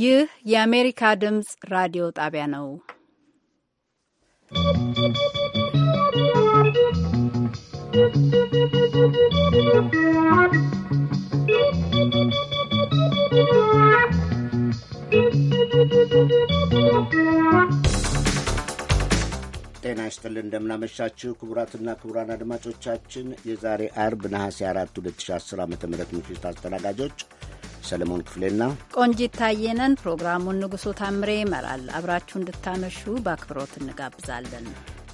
ይህ የአሜሪካ ድምፅ ራዲዮ ጣቢያ ነው። ጤና ይስጥልን እንደምናመሻችሁ ክቡራትና ክቡራን አድማጮቻችን የዛሬ አርብ ነሐሴ 4 2010 ዓ ም ምሽት አስተናጋጆች ሰለሞን ክፍሌና ቆንጂት ታየነን። ፕሮግራሙን ንጉሶ ታምሬ ይመራል። አብራችሁ እንድታመሹ በአክብሮት እንጋብዛለን።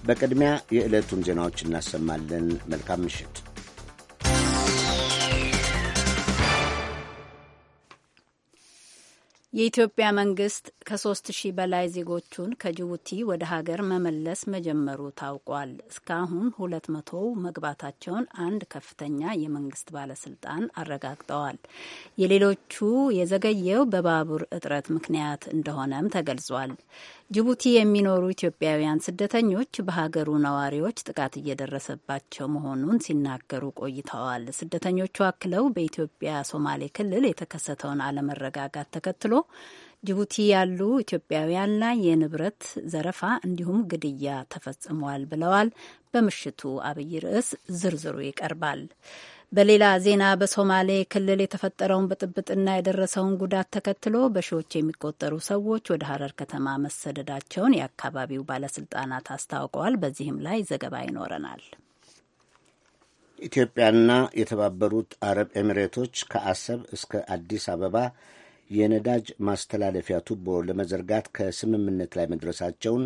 በቅድሚያ የዕለቱን ዜናዎች እናሰማለን። መልካም ምሽት። የኢትዮጵያ መንግስት ከሶስት ሺህ በላይ ዜጎቹን ከጅቡቲ ወደ ሀገር መመለስ መጀመሩ ታውቋል። እስካሁን ሁለት መቶ መግባታቸውን አንድ ከፍተኛ የመንግስት ባለስልጣን አረጋግጠዋል። የሌሎቹ የዘገየው በባቡር እጥረት ምክንያት እንደሆነም ተገልጿል። ጅቡቲ የሚኖሩ ኢትዮጵያውያን ስደተኞች በሀገሩ ነዋሪዎች ጥቃት እየደረሰባቸው መሆኑን ሲናገሩ ቆይተዋል። ስደተኞቹ አክለው በኢትዮጵያ ሶማሌ ክልል የተከሰተውን አለመረጋጋት ተከትሎ ጅቡቲ ያሉ ኢትዮጵያውያን ላይ የንብረት ዘረፋ እንዲሁም ግድያ ተፈጽሟል ብለዋል። በምሽቱ አብይ ርዕስ ዝርዝሩ ይቀርባል። በሌላ ዜና በሶማሌ ክልል የተፈጠረውን ብጥብጥና የደረሰውን ጉዳት ተከትሎ በሺዎች የሚቆጠሩ ሰዎች ወደ ሀረር ከተማ መሰደዳቸውን የአካባቢው ባለስልጣናት አስታውቀዋል። በዚህም ላይ ዘገባ ይኖረናል። ኢትዮጵያና የተባበሩት አረብ ኤሚሬቶች ከአሰብ እስከ አዲስ አበባ የነዳጅ ማስተላለፊያ ቱቦ ለመዘርጋት ከስምምነት ላይ መድረሳቸውን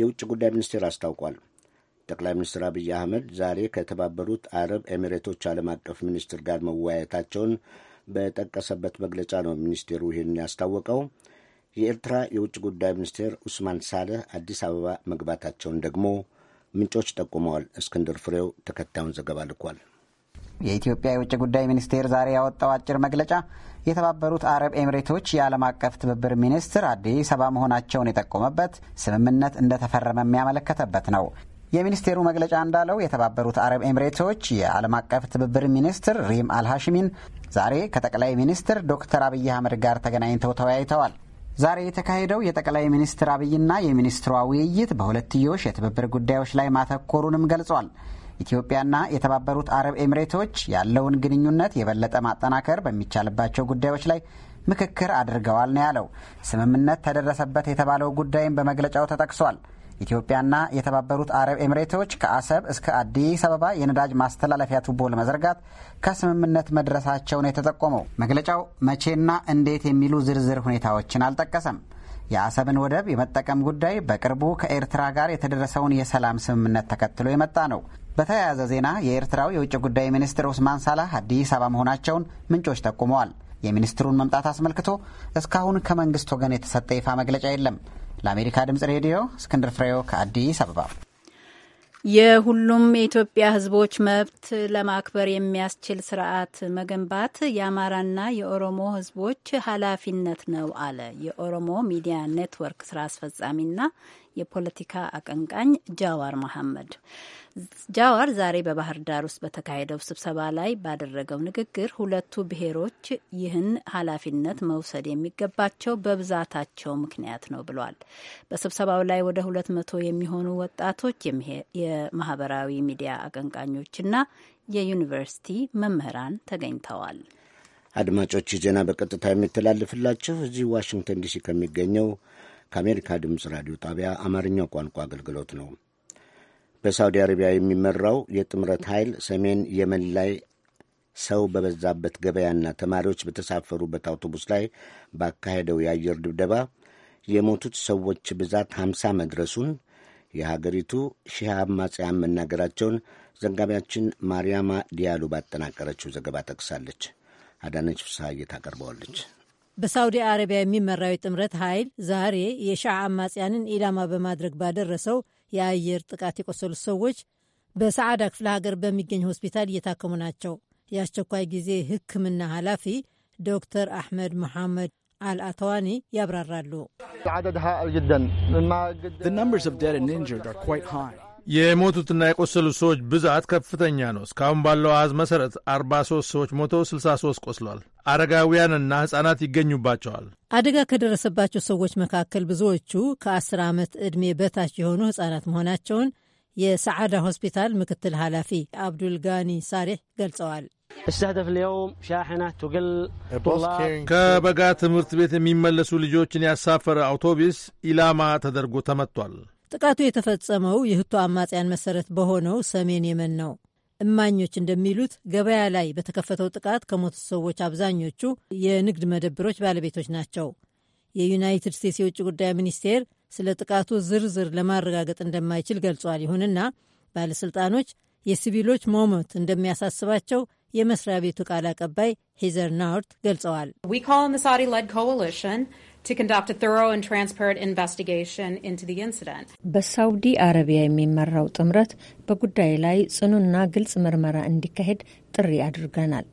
የውጭ ጉዳይ ሚኒስቴር አስታውቋል። ጠቅላይ ሚኒስትር አብይ አህመድ ዛሬ ከተባበሩት አረብ ኤሚሬቶች ዓለም አቀፍ ሚኒስትር ጋር መወያየታቸውን በጠቀሰበት መግለጫ ነው ሚኒስቴሩ ይህን ያስታወቀው። የኤርትራ የውጭ ጉዳይ ሚኒስቴር ኡስማን ሳልህ አዲስ አበባ መግባታቸውን ደግሞ ምንጮች ጠቁመዋል። እስክንድር ፍሬው ተከታዩን ዘገባ ልኳል። የኢትዮጵያ የውጭ ጉዳይ ሚኒስቴር ዛሬ ያወጣው አጭር መግለጫ የተባበሩት አረብ ኤሚሬቶች የዓለም አቀፍ ትብብር ሚኒስትር አዲስ አበባ መሆናቸውን የጠቆመበት ስምምነት እንደተፈረመ የሚያመለከተበት ነው። የሚኒስቴሩ መግለጫ እንዳለው የተባበሩት አረብ ኤምሬቶች የዓለም አቀፍ ትብብር ሚኒስትር ሪም አልሃሽሚን ዛሬ ከጠቅላይ ሚኒስትር ዶክተር አብይ አህመድ ጋር ተገናኝተው ተወያይተዋል። ዛሬ የተካሄደው የጠቅላይ ሚኒስትር አብይና የሚኒስትሯ ውይይት በሁለትዮሽ የትብብር ጉዳዮች ላይ ማተኮሩንም ገልጿል። ኢትዮጵያና የተባበሩት አረብ ኤምሬቶች ያለውን ግንኙነት የበለጠ ማጠናከር በሚቻልባቸው ጉዳዮች ላይ ምክክር አድርገዋል ነው ያለው። ስምምነት ተደረሰበት የተባለው ጉዳይም በመግለጫው ተጠቅሷል። ኢትዮጵያና የተባበሩት አረብ ኤምሬቶች ከአሰብ እስከ አዲስ አበባ የነዳጅ ማስተላለፊያ ቱቦ ለመዘርጋት ከስምምነት መድረሳቸውን የተጠቆመው መግለጫው መቼና እንዴት የሚሉ ዝርዝር ሁኔታዎችን አልጠቀሰም። የአሰብን ወደብ የመጠቀም ጉዳይ በቅርቡ ከኤርትራ ጋር የተደረሰውን የሰላም ስምምነት ተከትሎ የመጣ ነው። በተያያዘ ዜና የኤርትራው የውጭ ጉዳይ ሚኒስትር ኦስማን ሳላህ አዲስ አበባ መሆናቸውን ምንጮች ጠቁመዋል። የሚኒስትሩን መምጣት አስመልክቶ እስካሁን ከመንግስት ወገን የተሰጠ ይፋ መግለጫ የለም። ለአሜሪካ ድምጽ ሬዲዮ እስክንድር ፍሬው ከአዲስ አበባ። የሁሉም የኢትዮጵያ ሕዝቦች መብት ለማክበር የሚያስችል ስርዓት መገንባት የአማራና የኦሮሞ ሕዝቦች ኃላፊነት ነው አለ የኦሮሞ ሚዲያ ኔትወርክ ስራ አስፈጻሚና የፖለቲካ አቀንቃኝ ጃዋር መሐመድ። ጃዋር ዛሬ በባህር ዳር ውስጥ በተካሄደው ስብሰባ ላይ ባደረገው ንግግር ሁለቱ ብሔሮች ይህን ኃላፊነት መውሰድ የሚገባቸው በብዛታቸው ምክንያት ነው ብሏል። በስብሰባው ላይ ወደ ሁለት መቶ የሚሆኑ ወጣቶች የማህበራዊ ሚዲያ አቀንቃኞችና የዩኒቨርሲቲ መምህራን ተገኝተዋል። አድማጮች ዜና በቀጥታ የሚተላልፍላችሁ እዚህ ዋሽንግተን ዲሲ ከሚገኘው ከአሜሪካ ድምፅ ራዲዮ ጣቢያ አማርኛው ቋንቋ አገልግሎት ነው። በሳውዲ አረቢያ የሚመራው የጥምረት ኃይል ሰሜን የመን ላይ ሰው በበዛበት ገበያና ተማሪዎች በተሳፈሩበት አውቶቡስ ላይ ባካሄደው የአየር ድብደባ የሞቱት ሰዎች ብዛት ሀምሳ መድረሱን የሀገሪቱ ሺህ አማጽያን መናገራቸውን ዘጋቢያችን ማርያማ ዲያሉ ባጠናቀረችው ዘገባ ጠቅሳለች። አዳነች ፍስሐዬ ታቀርበዋለች። በሳውዲ አረቢያ የሚመራው የጥምረት ኃይል ዛሬ የሺህ አማጽያንን ኢላማ በማድረግ ባደረሰው የአየር ጥቃት የቆሰሉት ሰዎች በሰዓዳ ክፍለ ሀገር በሚገኝ ሆስፒታል እየታከሙ ናቸው። የአስቸኳይ ጊዜ ሕክምና ኃላፊ ዶክተር አሕመድ መሐመድ አልአተዋኒ ያብራራሉ። የሞቱትና የቆሰሉት ሰዎች ብዛት ከፍተኛ ነው። እስካሁን ባለው አሃዝ መሠረት 43 ሰዎች ሞተው 63 ቆስሏል። አረጋውያንና ሕፃናት ይገኙባቸዋል። አደጋ ከደረሰባቸው ሰዎች መካከል ብዙዎቹ ከ10 ዓመት ዕድሜ በታች የሆኑ ሕፃናት መሆናቸውን የሰዓዳ ሆስፒታል ምክትል ኃላፊ አብዱልጋኒ ሳሪሕ ገልጸዋል። ከበጋ ትምህርት ቤት የሚመለሱ ልጆችን ያሳፈረ አውቶቡስ ኢላማ ተደርጎ ተመቷል። ጥቃቱ የተፈጸመው የህቶ አማጽያን መሰረት በሆነው ሰሜን የመን ነው። እማኞች እንደሚሉት ገበያ ላይ በተከፈተው ጥቃት ከሞቱት ሰዎች አብዛኞቹ የንግድ መደብሮች ባለቤቶች ናቸው። የዩናይትድ ስቴትስ የውጭ ጉዳይ ሚኒስቴር ስለ ጥቃቱ ዝርዝር ለማረጋገጥ እንደማይችል ገልጿል። ይሁንና ባለሥልጣኖች የሲቪሎች መሞት እንደሚያሳስባቸው የመስሪያ ቤቱ ቃል አቀባይ ሂዘር ናውርት ገልጸዋል። በሳውዲ አረቢያ የሚመራው ጥምረት በጉዳይ ላይ ጽኑና ግልጽ ምርመራ እንዲካሄድ ጥሪ አድርገናል።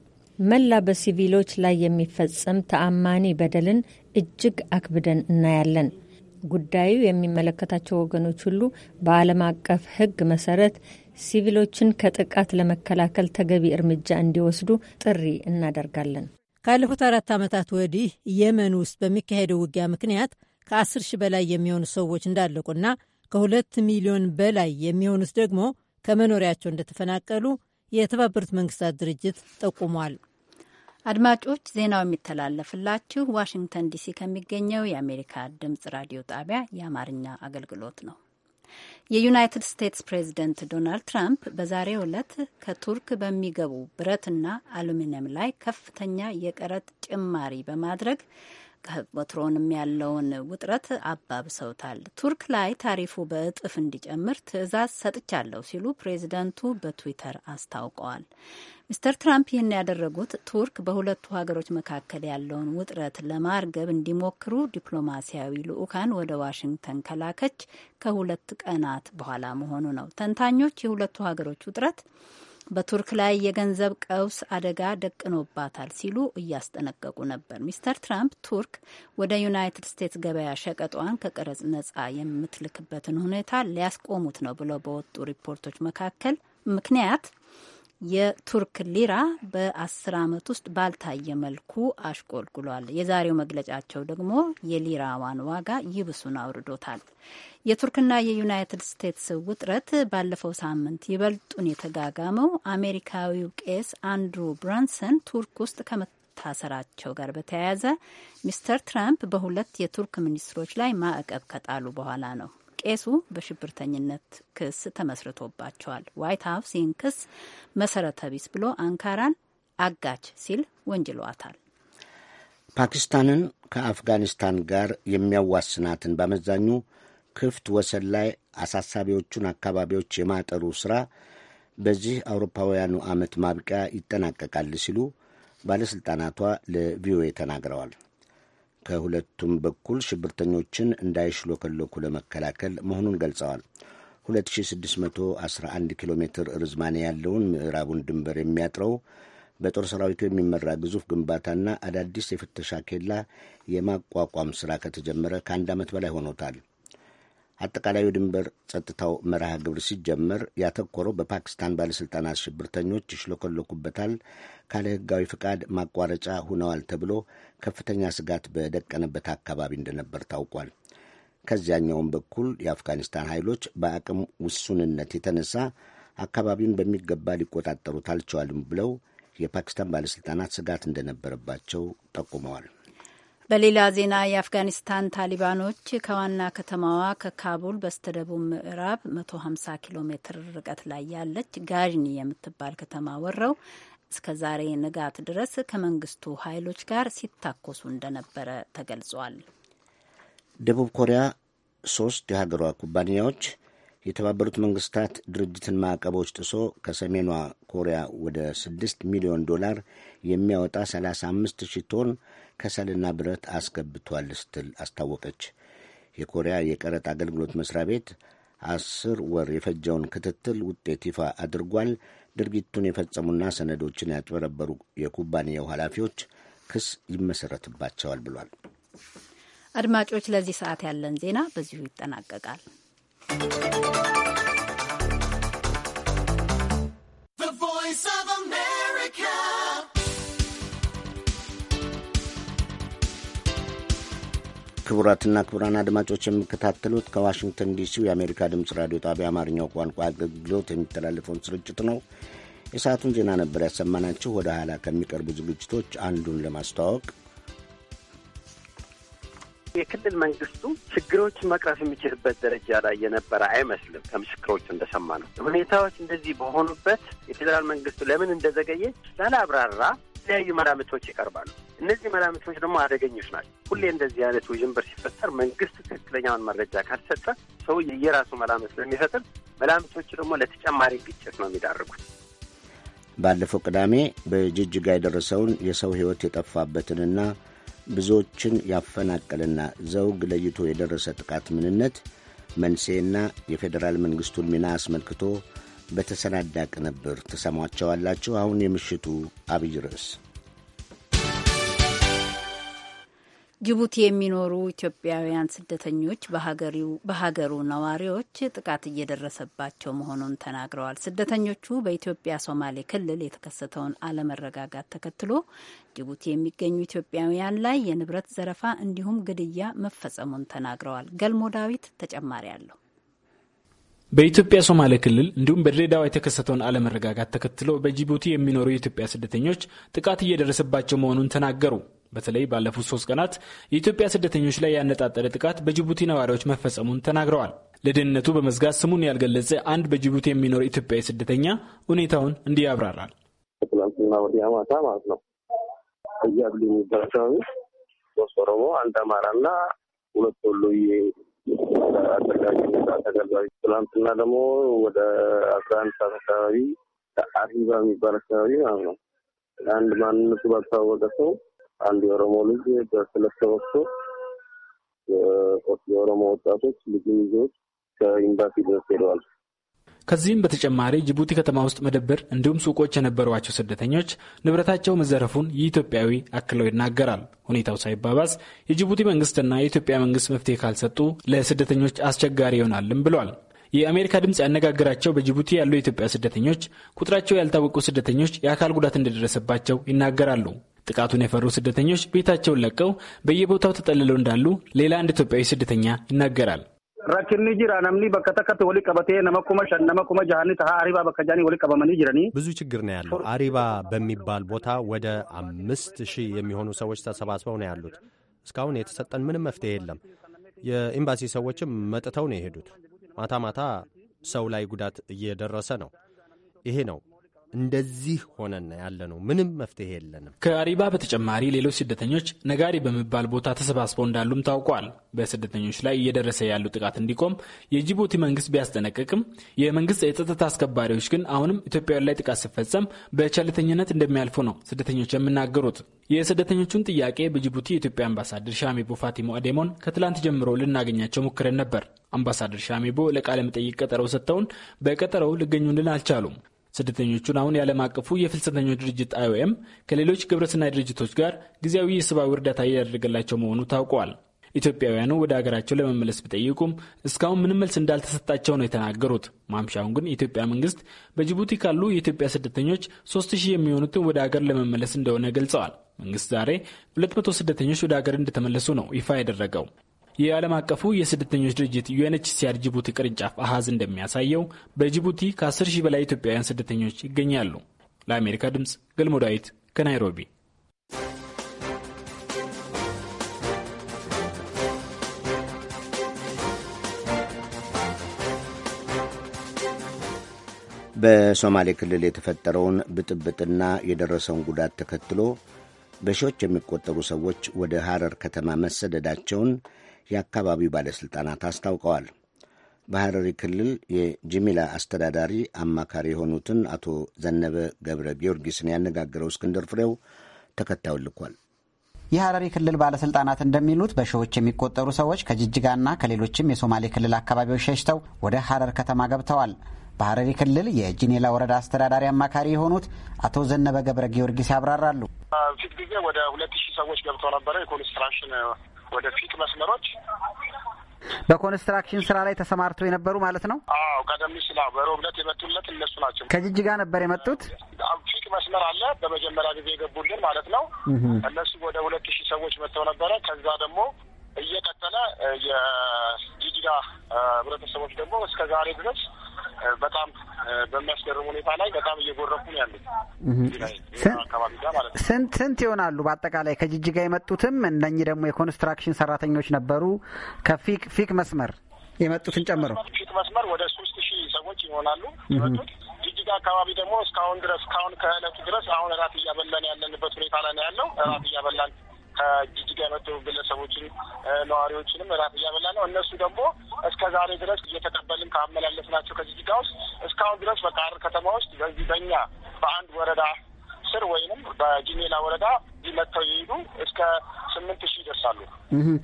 መላ በሲቪሎች ላይ የሚፈጸም ተአማኒ በደልን እጅግ አክብደን እናያለን። ጉዳዩ የሚመለከታቸው ወገኖች ሁሉ በዓለም አቀፍ ሕግ መሰረት ሲቪሎችን ከጥቃት ለመከላከል ተገቢ እርምጃ እንዲወስዱ ጥሪ እናደርጋለን። ካለፉት አራት ዓመታት ወዲህ የመን ውስጥ በሚካሄደው ውጊያ ምክንያት ከ10 ሺህ በላይ የሚሆኑ ሰዎች እንዳለቁና ከሁለት ሚሊዮን በላይ የሚሆኑት ደግሞ ከመኖሪያቸው እንደተፈናቀሉ የተባበሩት መንግስታት ድርጅት ጠቁሟል። አድማጮች ዜናው የሚተላለፍላችሁ ዋሽንግተን ዲሲ ከሚገኘው የአሜሪካ ድምጽ ራዲዮ ጣቢያ የአማርኛ አገልግሎት ነው። የዩናይትድ ስቴትስ ፕሬዚደንት ዶናልድ ትራምፕ በዛሬው ዕለት ከቱርክ በሚገቡ ብረትና አሉሚኒየም ላይ ከፍተኛ የቀረጥ ጭማሪ በማድረግ ወትሮንም ያለውን ውጥረት አባብሰውታል። ቱርክ ላይ ታሪፉ በእጥፍ እንዲጨምር ትዕዛዝ ሰጥቻለሁ ሲሉ ፕሬዚደንቱ በትዊተር አስታውቀዋል። ሚስተር ትራምፕ ይህን ያደረጉት ቱርክ በሁለቱ ሀገሮች መካከል ያለውን ውጥረት ለማርገብ እንዲሞክሩ ዲፕሎማሲያዊ ልዑካን ወደ ዋሽንግተን ከላከች ከሁለት ቀናት በኋላ መሆኑ ነው። ተንታኞች የሁለቱ ሀገሮች ውጥረት በቱርክ ላይ የገንዘብ ቀውስ አደጋ ደቅኖባታል ሲሉ እያስጠነቀቁ ነበር። ሚስተር ትራምፕ ቱርክ ወደ ዩናይትድ ስቴትስ ገበያ ሸቀጧን ከቀረጽ ነጻ የምትልክበትን ሁኔታ ሊያስቆሙት ነው ብለው በወጡ ሪፖርቶች መካከል ምክንያት የቱርክ ሊራ በአስር ዓመት ውስጥ ባልታየ መልኩ አሽቆልቁሏል። የዛሬው መግለጫቸው ደግሞ የሊራዋን ዋጋ ይብሱን አውርዶታል። የቱርክና የዩናይትድ ስቴትስ ውጥረት ባለፈው ሳምንት ይበልጡን የተጋጋመው አሜሪካዊው ቄስ አንድሩ ብራንሰን ቱርክ ውስጥ ከመታሰራቸው ጋር በተያያዘ ሚስተር ትራምፕ በሁለት የቱርክ ሚኒስትሮች ላይ ማዕቀብ ከጣሉ በኋላ ነው። ቄሱ በሽብርተኝነት ክስ ተመስርቶባቸዋል። ዋይት ሀውስ ይህን ክስ መሰረተ ቢስ ብሎ አንካራን አጋች ሲል ወንጅሏታል። ፓኪስታንን ከአፍጋኒስታን ጋር የሚያዋስናትን በአመዛኙ ክፍት ወሰን ላይ አሳሳቢዎቹን አካባቢዎች የማጠሩ ሥራ በዚህ አውሮፓውያኑ ዓመት ማብቂያ ይጠናቀቃል ሲሉ ባለሥልጣናቷ ለቪኦኤ ተናግረዋል። ከሁለቱም በኩል ሽብርተኞችን እንዳይሽሎከለኩ ለመከላከል መሆኑን ገልጸዋል። 2611 ኪሎ ሜትር ርዝማኔ ያለውን ምዕራቡን ድንበር የሚያጥረው በጦር ሰራዊቱ የሚመራ ግዙፍ ግንባታና አዳዲስ የፍተሻ ኬላ የማቋቋም ሥራ ከተጀመረ ከአንድ ዓመት በላይ ሆኖታል። አጠቃላይ ድንበር ጸጥታው መርሃ ግብር ሲጀመር ያተኮረው በፓኪስታን ባለሥልጣናት ሽብርተኞች ይሽለኮለኩበታል፣ ካለ ሕጋዊ ፍቃድ ማቋረጫ ሁነዋል ተብሎ ከፍተኛ ስጋት በደቀነበት አካባቢ እንደነበር ታውቋል። ከዚያኛውም በኩል የአፍጋኒስታን ኃይሎች በአቅም ውሱንነት የተነሳ አካባቢውን በሚገባ ሊቆጣጠሩት አልቸዋልም ብለው የፓኪስታን ባለሥልጣናት ስጋት እንደነበረባቸው ጠቁመዋል። በሌላ ዜና የአፍጋኒስታን ታሊባኖች ከዋና ከተማዋ ከካቡል በስተደቡብ ምዕራብ 150 ኪሎ ሜትር ርቀት ላይ ያለች ጋዥኒ የምትባል ከተማ ወረው እስከ ዛሬ ንጋት ድረስ ከመንግስቱ ኃይሎች ጋር ሲታኮሱ እንደነበረ ተገልጿል። ደቡብ ኮሪያ ሶስት የሀገሯ ኩባንያዎች የተባበሩት መንግስታት ድርጅትን ማዕቀቦች ጥሶ ከሰሜኗ ኮሪያ ወደ 6 ሚሊዮን ዶላር የሚያወጣ 35 ሺህ ቶን ከሰልና ብረት አስገብቷል ስትል አስታወቀች። የኮሪያ የቀረጥ አገልግሎት መስሪያ ቤት አስር ወር የፈጀውን ክትትል ውጤት ይፋ አድርጓል። ድርጊቱን የፈጸሙና ሰነዶችን ያጭበረበሩ የኩባንያው ኃላፊዎች ክስ ይመሰረትባቸዋል ብሏል። አድማጮች፣ ለዚህ ሰዓት ያለን ዜና በዚሁ ይጠናቀቃል። ክቡራትና ክቡራን አድማጮች የሚከታተሉት ከዋሽንግተን ዲሲው የአሜሪካ ድምፅ ራዲዮ ጣቢያ አማርኛው ቋንቋ አገልግሎት የሚተላለፈውን ስርጭት ነው። የሰዓቱን ዜና ነበር ያሰማናችሁ። ወደ ኋላ ከሚቀርቡ ዝግጅቶች አንዱን ለማስተዋወቅ የክልል መንግስቱ ችግሮችን መቅረፍ የሚችልበት ደረጃ ላይ የነበረ አይመስልም። ከምስክሮቹ እንደሰማ ነው። ሁኔታዎች እንደዚህ በሆኑበት የፌዴራል መንግስቱ ለምን እንደዘገየ ላላብራራ የተለያዩ መላምቶች ይቀርባሉ። እነዚህ መላምቶች ደግሞ አደገኞች ናቸው። ሁሌ እንደዚህ አይነት ውዥንብር ሲፈጠር መንግስት ትክክለኛውን መረጃ ካልሰጠ ሰው የየራሱ መላምት ስለሚፈጥር መላምቶቹ ደግሞ ለተጨማሪ ግጭት ነው የሚዳርጉት። ባለፈው ቅዳሜ በጅጅጋ የደረሰውን የሰው ህይወት የጠፋበትንና ብዙዎችን ያፈናቀልና ዘውግ ለይቶ የደረሰ ጥቃት ምንነት፣ መንስኤና የፌዴራል መንግሥቱን ሚና አስመልክቶ በተሰናዳ ቅንብር ትሰሟቸዋላችሁ። አሁን የምሽቱ አብይ ርዕስ ጅቡቲ የሚኖሩ ኢትዮጵያውያን ስደተኞች በሀገሩ ነዋሪዎች ጥቃት እየደረሰባቸው መሆኑን ተናግረዋል። ስደተኞቹ በኢትዮጵያ ሶማሌ ክልል የተከሰተውን አለመረጋጋት ተከትሎ ጅቡቲ የሚገኙ ኢትዮጵያውያን ላይ የንብረት ዘረፋ እንዲሁም ግድያ መፈጸሙን ተናግረዋል። ገልሞ ዳዊት ተጨማሪ አለው። በኢትዮጵያ ሶማሌ ክልል እንዲሁም በድሬዳዋ የተከሰተውን አለመረጋጋት ተከትሎ በጅቡቲ የሚኖሩ የኢትዮጵያ ስደተኞች ጥቃት እየደረሰባቸው መሆኑን ተናገሩ። በተለይ ባለፉት ሶስት ቀናት የኢትዮጵያ ስደተኞች ላይ ያነጣጠረ ጥቃት በጅቡቲ ነዋሪዎች መፈጸሙን ተናግረዋል። ለደህንነቱ በመዝጋት ስሙን ያልገለጸ አንድ በጅቡቲ የሚኖር ኢትዮጵያዊ ስደተኛ ሁኔታውን እንዲህ ያብራራል። ትናንትና ወዲያ ማታ ማለት ነው እያሉ የሚባል አካባቢ ሶስት ኦሮሞ፣ አንድ አማራና ሁለት ወሎዬ አሰጋጅነት ተገልጿል። ትናንትና ደግሞ ወደ አስራ አንድ ሰዓት አካባቢ አሪባ የሚባል አካባቢ ማለት ነው አንድ ማንነቱ ባልታወቀ ሰው አንድ የኦሮሞ ልጅ በስለት ተወቅቶ የኦሮሞ ወጣቶች ልጅ ይዞት ከኢምባሲ ድረስ ሄደዋል። ከዚህም በተጨማሪ ጅቡቲ ከተማ ውስጥ መደብር እንዲሁም ሱቆች የነበሯቸው ስደተኞች ንብረታቸው መዘረፉን የኢትዮጵያዊ ኢትዮጵያዊ አክለው ይናገራል። ሁኔታው ሳይባባስ የጅቡቲ መንግስትና የኢትዮጵያ መንግስት መፍትሄ ካልሰጡ ለስደተኞች አስቸጋሪ ይሆናልም ብሏል። የአሜሪካ ድምፅ ያነጋገራቸው በጅቡቲ ያሉ የኢትዮጵያ ስደተኞች ቁጥራቸው ያልታወቁ ስደተኞች የአካል ጉዳት እንደደረሰባቸው ይናገራሉ። ጥቃቱን የፈሩ ስደተኞች ቤታቸውን ለቀው በየቦታው ተጠልለው እንዳሉ ሌላ አንድ ኢትዮጵያዊ ስደተኛ ይናገራል። ረኪኒ ጅራ ነምኒ ወሊ ቀበቴ ሸን አሪባ በከ ወሊ ቀበመኒ ጅረኒ ብዙ ችግር ነው ያለው። አሪባ በሚባል ቦታ ወደ አምስት ሺህ የሚሆኑ ሰዎች ተሰባስበው ነው ያሉት። እስካሁን የተሰጠን ምንም መፍትሄ የለም። የኤምባሲ ሰዎችም መጥተው ነው የሄዱት። ማታ ማታ ሰው ላይ ጉዳት እየደረሰ ነው። ይሄ ነው እንደዚህ ሆነን ያለ ነው። ምንም መፍትሄ የለንም። ከአሪባ በተጨማሪ ሌሎች ስደተኞች ነጋሪ በሚባል ቦታ ተሰባስበው እንዳሉም ታውቋል። በስደተኞች ላይ እየደረሰ ያሉ ጥቃት እንዲቆም የጅቡቲ መንግስት ቢያስጠነቅቅም የመንግስት የጸጥታ አስከባሪዎች ግን አሁንም ኢትዮጵያውያን ላይ ጥቃት ሲፈጸም በቸልተኝነት እንደሚያልፉ ነው ስደተኞች የምናገሩት የስደተኞቹን ጥያቄ በጅቡቲ የኢትዮጵያ አምባሳደር ሻሚቦ ፋቲሞ አዴሞን ከትላንት ጀምሮ ልናገኛቸው ሞክረን ነበር። አምባሳደር ሻሚቦ ለቃለ መጠይቅ ቀጠረው ሰጥተውን በቀጠረው ልገኙልን አልቻሉም። ስደተኞቹን አሁን የዓለም አቀፉ የፍልሰተኞች ድርጅት አይኦኤም ከሌሎች ግብረስናይ ድርጅቶች ጋር ጊዜያዊ የሰብአዊ እርዳታ እያደረገላቸው መሆኑ ታውቋል። ኢትዮጵያውያኑ ወደ ሀገራቸው ለመመለስ ቢጠይቁም እስካሁን ምንም መልስ እንዳልተሰጣቸው ነው የተናገሩት። ማምሻውን ግን የኢትዮጵያ መንግስት በጅቡቲ ካሉ የኢትዮጵያ ስደተኞች ሶስት ሺህ የሚሆኑትን ወደ ሀገር ለመመለስ እንደሆነ ገልጸዋል። መንግስት ዛሬ 200 ስደተኞች ወደ ሀገር እንደተመለሱ ነው ይፋ ያደረገው። የዓለም አቀፉ የስደተኞች ድርጅት ዩኤንኤችሲአር ጅቡቲ ቅርንጫፍ አሃዝ እንደሚያሳየው በጅቡቲ ከ10 ሺህ በላይ ኢትዮጵያውያን ስደተኞች ይገኛሉ። ለአሜሪካ ድምፅ ገልሞ ዳዊት ከናይሮቢ። በሶማሌ ክልል የተፈጠረውን ብጥብጥና የደረሰውን ጉዳት ተከትሎ በሺዎች የሚቆጠሩ ሰዎች ወደ ሐረር ከተማ መሰደዳቸውን የአካባቢው ባለሥልጣናት አስታውቀዋል። በሐረሪ ክልል የጅሚላ አስተዳዳሪ አማካሪ የሆኑትን አቶ ዘነበ ገብረ ጊዮርጊስን ያነጋገረው እስክንድር ፍሬው ተከታዩን ልኳል። የሐረሪ ክልል ባለስልጣናት እንደሚሉት በሺዎች የሚቆጠሩ ሰዎች ከጅጅጋና ከሌሎችም የሶማሌ ክልል አካባቢዎች ሸሽተው ወደ ሐረር ከተማ ገብተዋል። በሐረሪ ክልል የጂኔላ ወረዳ አስተዳዳሪ አማካሪ የሆኑት አቶ ዘነበ ገብረ ጊዮርጊስ ያብራራሉ። ፊት ጊዜ ወደ ሁለት ሺህ ሰዎች ገብተው ነበረ የኮንስትራክሽን ወደፊት መስመሮች በኮንስትራክሽን ስራ ላይ ተሰማርተው የነበሩ ማለት ነው። አዎ ቀደም ሲል በሮብለት የመጡለት እነሱ ናቸው። ከጅጅጋ ነበር የመጡት። ፊቅ መስመር አለ በመጀመሪያ ጊዜ የገቡልን ማለት ነው። እነሱ ወደ ሁለት ሺህ ሰዎች መጥተው ነበረ። ከዛ ደግሞ እየቀጠለ የጅጅጋ ህብረተሰቦች ደግሞ እስከ ዛሬ ድረስ በጣም በሚያስገርም ሁኔታ ላይ በጣም እየጎረፉ ነው ያሉት አካባቢ ጋር ማለት ነው። ስንት ስንት ይሆናሉ በአጠቃላይ ከጅጅጋ የመጡትም እነኚህ ደግሞ የኮንስትራክሽን ሰራተኞች ነበሩ ከፊክ ፊክ መስመር የመጡትን ጨምሮ ፊክ መስመር ወደ ሶስት ሺህ ሰዎች ይሆናሉ የመጡት ጅጅጋ አካባቢ ደግሞ እስካሁን ድረስ እስካሁን ከእለቱ ድረስ አሁን እራት እያበላን ያለንበት ሁኔታ ላይ ነው ያለው እራት እያበላን ከጂጂጋ የመጡ ግለሰቦችን ነዋሪዎችንም እራት እያበላ ነው። እነሱ ደግሞ እስከ ዛሬ ድረስ እየተቀበልን ከአመላለስ ናቸው ከጂጂጋ ውስጥ እስካሁን ድረስ በቃር ከተማ ውስጥ በዚህ በኛ በአንድ ወረዳ ስር ወይንም በጂሜላ ወረዳ መጥተው የሄዱ እስከ ስምንት ሺህ ይደርሳሉ።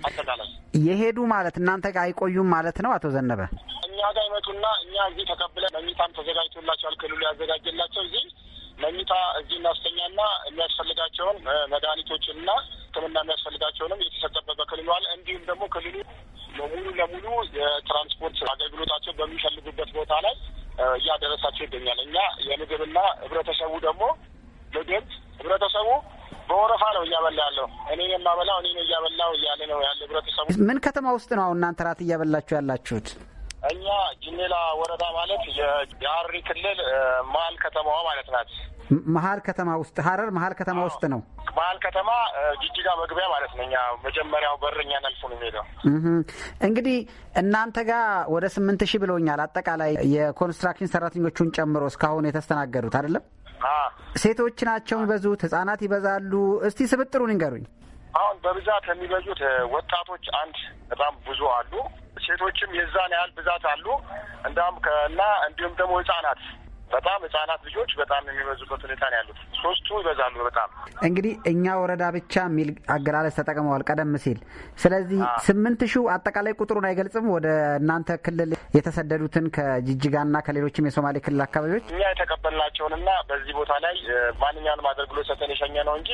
አጠቃላይ የሄዱ ማለት እናንተ ጋር አይቆዩም ማለት ነው። አቶ ዘነበ እኛ ጋር ይመጡና እኛ እዚህ ተቀብለን መኝታም ተዘጋጅቶላቸዋል። ክልሉ ያዘጋጀላቸው እዚህ መኝታ እዚህ እናስተኛና የሚያስፈልጋቸውን መድኃኒቶችንና ሕክምና የሚያስፈልጋቸውንም የተሰጠበት በክልሏል። እንዲሁም ደግሞ ክልሉ ሙሉ ለሙሉ የትራንስፖርት አገልግሎታቸው በሚፈልጉበት ቦታ ላይ እያደረሳቸው ይገኛል። እኛ የምግብና ህብረተሰቡ ደግሞ ምግብ ህብረተሰቡ በወረፋ ነው እያበላ ያለው። እኔ የማበላው እኔ እያበላው እያለ ነው ያለ ህብረተሰቡ። ምን ከተማ ውስጥ ነው አሁን እናንተ ራት እያበላችሁ ያላችሁት? እኛ ጅኔላ ወረዳ ማለት የሀረሪ ክልል መሀል ከተማዋ ማለት ናት። መሀል ከተማ ውስጥ ሀረር መሀል ከተማ ውስጥ ነው። መሀል ከተማ ጅጅጋ መግቢያ ማለት ነው። እኛ መጀመሪያው በረኛ ነልፉ ነው የሚሄደው። እንግዲህ እናንተ ጋር ወደ ስምንት ሺህ ብለውኛል። አጠቃላይ የኮንስትራክሽን ሰራተኞቹን ጨምሮ እስካሁን የተስተናገዱት አይደለም። ሴቶች ናቸው የሚበዙት፣ ህጻናት ይበዛሉ። እስቲ ስብጥሩን ይንገሩኝ። አሁን በብዛት የሚበዙት ወጣቶች አንድ በጣም ብዙ አሉ። ሴቶችም የዛን ያህል ብዛት አሉ እንዳም እና እንዲሁም ደግሞ ህጻናት በጣም ህጻናት ልጆች በጣም የሚበዙበት ሁኔታ ነው ያሉት። ሶስቱ ይበዛሉ በጣም እንግዲህ እኛ ወረዳ ብቻ የሚል አገላለጽ ተጠቅመዋል ቀደም ሲል። ስለዚህ ስምንት ሺህ አጠቃላይ ቁጥሩን አይገልጽም። ወደ እናንተ ክልል የተሰደዱትን ከጅጅጋና ከሌሎችም የሶማሌ ክልል አካባቢዎች እኛ የተቀበልናቸውንና በዚህ ቦታ ላይ ማንኛውንም አገልግሎት ሰተን የሸኘ ነው እንጂ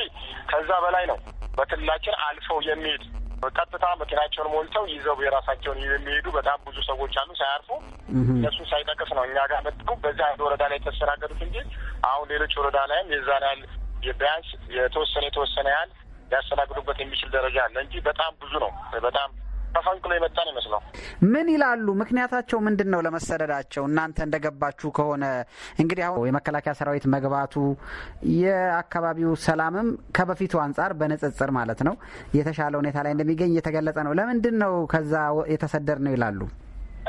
ከዛ በላይ ነው በክልላችን አልፈው የሚሄድ ቀጥታ መኪናቸውን ሞልተው ይዘው የራሳቸውን የሚሄዱ በጣም ብዙ ሰዎች አሉ። ሳያርፉ እነሱ ሳይጠቅስ ነው እኛ ጋር መጥተው በዚህ አንድ ወረዳ ላይ የተስተናገዱት እንጂ አሁን ሌሎች ወረዳ ላይም የዛን ያህል ቢያንስ የተወሰነ የተወሰነ ያህል ሊያስተናግዱበት የሚችል ደረጃ አለ እንጂ በጣም ብዙ ነው። በጣም ተፈንቅሎ የመጣ ነው ይመስለው። ምን ይላሉ? ምክንያታቸው ምንድን ነው ለመሰደዳቸው? እናንተ እንደገባችሁ ከሆነ እንግዲህ አሁን የመከላከያ ሰራዊት መግባቱ የአካባቢው ሰላምም ከበፊቱ አንጻር በንጽጽር ማለት ነው የተሻለ ሁኔታ ላይ እንደሚገኝ እየተገለጸ ነው። ለምንድን ነው ከዛ የተሰደድ ነው ይላሉ?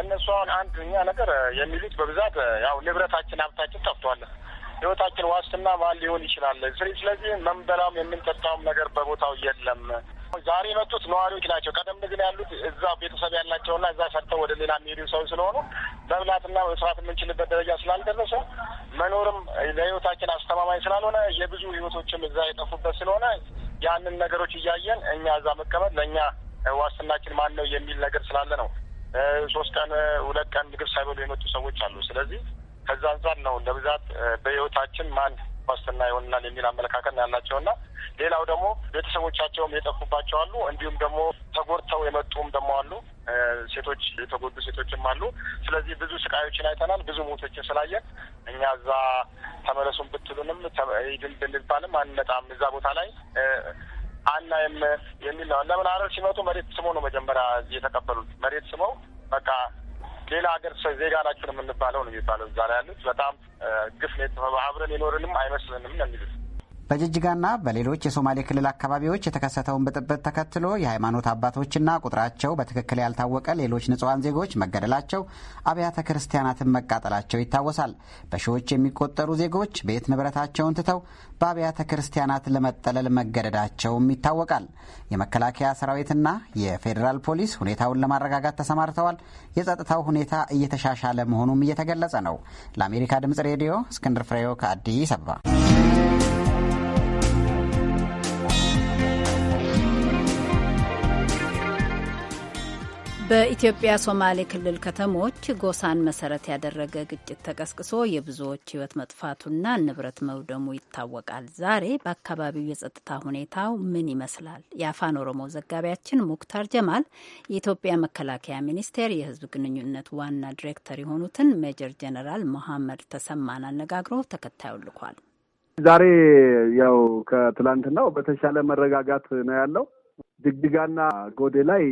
እነሱ አሁን አንደኛ ነገር የሚሉት በብዛት ያው ንብረታችን፣ ሀብታችን ጠፍቷል ህይወታችን ዋስትና ማን ሊሆን ይችላል? ስለዚህ መንበላም የምንጠጣውም ነገር በቦታው የለም ዛሬ የመጡት ነዋሪዎች ናቸው። ቀደም ግን ያሉት እዛ ቤተሰብ ያላቸውና እዛ ሰርተው ወደ ሌላ የሚሄዱ ሰው ስለሆኑ መብላትና መስራት የምንችልበት ደረጃ ስላልደረሰ መኖርም ለህይወታችን አስተማማኝ ስላልሆነ የብዙ ህይወቶችም እዛ የጠፉበት ስለሆነ ያንን ነገሮች እያየን እኛ እዛ መቀመጥ ለእኛ ዋስትናችን ማን ነው የሚል ነገር ስላለ ነው። ሶስት ቀን ሁለት ቀን ምግብ ሳይበሉ የመጡ ሰዎች አሉ። ስለዚህ ከዛ አንጻር ነው ለብዛት በህይወታችን ማን ዋስትና ይሆንናል የሚል አመለካከት ነው ያላቸው ሌላው ደግሞ ቤተሰቦቻቸውም የጠፉባቸው አሉ። እንዲሁም ደግሞ ተጎድተው የመጡም ደግሞ አሉ። ሴቶች የተጎዱ ሴቶችም አሉ። ስለዚህ ብዙ ስቃዮችን አይተናል። ብዙ ሞቶችን ስላየን እኛ እዛ ተመለሱን ብትሉንም ሂድን ብንባልም አንመጣም እዛ ቦታ ላይ አናይም የሚል ነው። ለምን አረር ሲመጡ መሬት ስሞ ነው መጀመሪያ የተቀበሉት። መሬት ስመው በቃ ሌላ ሀገር ዜጋ ናቸው የምንባለው ነው የሚባለው እዛ ላይ ያሉት በጣም ግፍ ነው የተፈባ አብረን የኖርንም አይመስለንም ነው የሚሉት በጅጅጋና በሌሎች የሶማሌ ክልል አካባቢዎች የተከሰተውን ብጥብጥ ተከትሎ የሃይማኖት አባቶችና ቁጥራቸው በትክክል ያልታወቀ ሌሎች ንጹሐን ዜጎች መገደላቸው፣ አብያተ ክርስቲያናትን መቃጠላቸው ይታወሳል። በሺዎች የሚቆጠሩ ዜጎች ቤት ንብረታቸውን ትተው በአብያተ ክርስቲያናት ለመጠለል መገደዳቸውም ይታወቃል። የመከላከያ ሰራዊትና የፌዴራል ፖሊስ ሁኔታውን ለማረጋጋት ተሰማርተዋል። የጸጥታው ሁኔታ እየተሻሻለ መሆኑም እየተገለጸ ነው። ለአሜሪካ ድምጽ ሬዲዮ እስክንድር ፍሬዮ ከአዲስ አበባ በኢትዮጵያ ሶማሌ ክልል ከተሞች ጎሳን መሰረት ያደረገ ግጭት ተቀስቅሶ የብዙዎች ሕይወት መጥፋቱና ንብረት መውደሙ ይታወቃል። ዛሬ በአካባቢው የጸጥታ ሁኔታው ምን ይመስላል? የአፋን ኦሮሞ ዘጋቢያችን ሙክታር ጀማል የኢትዮጵያ መከላከያ ሚኒስቴር የሕዝብ ግንኙነት ዋና ዲሬክተር የሆኑትን ሜጀር ጀነራል መሐመድ ተሰማን አነጋግሮ ተከታዩን ልኳል። ዛሬ ያው ከትላንትናው በተሻለ መረጋጋት ነው ያለው። ድግድጋና ጎዴ ላይ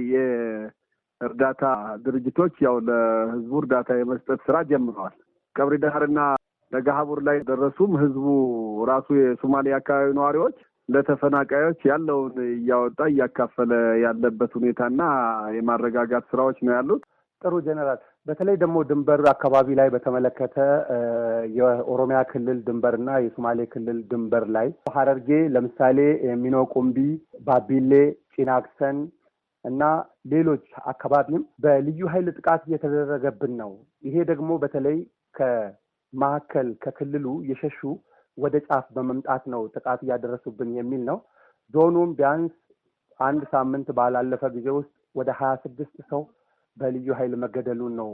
እርዳታ ድርጅቶች ያው ለህዝቡ እርዳታ የመስጠት ስራ ጀምረዋል። ቀብሪ ዳህርና ለጋሀቡር ላይ ደረሱም ህዝቡ ራሱ የሶማሌ አካባቢ ነዋሪዎች ለተፈናቃዮች ያለውን እያወጣ እያካፈለ ያለበት ሁኔታና የማረጋጋት ስራዎች ነው ያሉት። ጥሩ ጀነራል፣ በተለይ ደግሞ ድንበር አካባቢ ላይ በተመለከተ የኦሮሚያ ክልል ድንበርና የሶማሌ ክልል ድንበር ላይ ሀረርጌ ለምሳሌ ሚኖ ቁምቢ፣ ባቢሌ፣ ጪናክሰን እና ሌሎች አካባቢም በልዩ ኃይል ጥቃት እየተደረገብን ነው። ይሄ ደግሞ በተለይ ከማዕከል ከክልሉ የሸሹ ወደ ጫፍ በመምጣት ነው ጥቃት እያደረሱብን የሚል ነው። ዞኑም ቢያንስ አንድ ሳምንት ባላለፈ ጊዜ ውስጥ ወደ ሀያ ስድስት ሰው በልዩ ኃይል መገደሉን ነው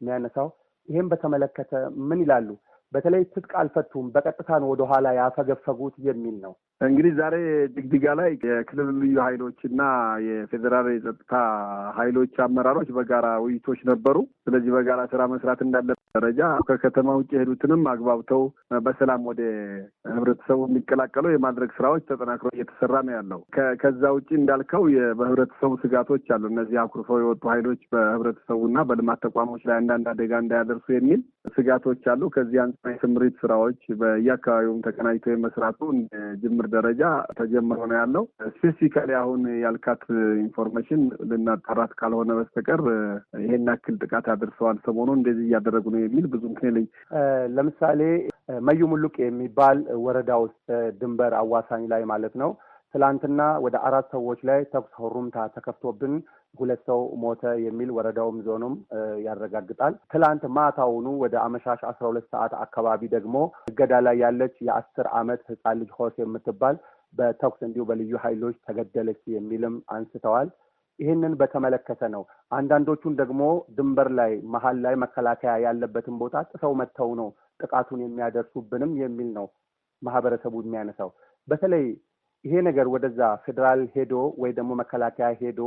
የሚያነሳው። ይህም በተመለከተ ምን ይላሉ? በተለይ ትጥቅ አልፈቱም፣ በቀጥታ ነው ወደኋላ ያፈገፈጉት የሚል ነው። እንግዲህ ዛሬ ጅግጅጋ ላይ የክልል ልዩ ኃይሎች እና የፌዴራል የጸጥታ ኃይሎች አመራሮች በጋራ ውይይቶች ነበሩ። ስለዚህ በጋራ ስራ መስራት እንዳለ ደረጃ ከከተማ ውጭ የሄዱትንም አግባብተው በሰላም ወደ ህብረተሰቡ የሚቀላቀለው የማድረግ ስራዎች ተጠናክሮ እየተሰራ ነው ያለው። ከዛ ውጭ እንዳልከው በህብረተሰቡ ስጋቶች አሉ። እነዚህ አኩርፈው የወጡ ኃይሎች በህብረተሰቡ እና በልማት ተቋሞች ላይ አንዳንድ አደጋ እንዳያደርሱ የሚል ስጋቶች አሉ። ከዚህ አንጻር የስምሪት ስራዎች በየአካባቢውም ተቀናጅተው የመስራቱ ጅምር ደረጃ ተጀምሮ ነው ያለው። ስፔሲካሊ አሁን ያልካት ኢንፎርሜሽን ልናጣራት ካልሆነ በስተቀር ይሄን ያክል ጥቃት አድርሰዋል፣ ሰሞኑ እንደዚህ እያደረጉ ነው የሚል ብዙ ምክንያት ልኝ ለምሳሌ መዩ ሙሉቅ የሚባል ወረዳ ውስጥ ድንበር አዋሳኝ ላይ ማለት ነው ትላንትና ወደ አራት ሰዎች ላይ ተኩስ ሁሩምታ ተከፍቶብን ሁለት ሰው ሞተ የሚል ወረዳውም ዞኑም ያረጋግጣል። ትላንት ማታውኑ ወደ አመሻሽ አስራ ሁለት ሰዓት አካባቢ ደግሞ እገዳ ላይ ያለች የአስር አመት ህፃን ልጅ ሆስ የምትባል በተኩስ እንዲሁ በልዩ ኃይሎች ተገደለች የሚልም አንስተዋል። ይህንን በተመለከተ ነው። አንዳንዶቹን ደግሞ ድንበር ላይ መሀል ላይ መከላከያ ያለበትን ቦታ ጥሰው መጥተው ነው ጥቃቱን የሚያደርሱብንም የሚል ነው ማህበረሰቡ የሚያነሳው በተለይ ይሄ ነገር ወደዛ ፌዴራል ሄዶ ወይ ደግሞ መከላከያ ሄዶ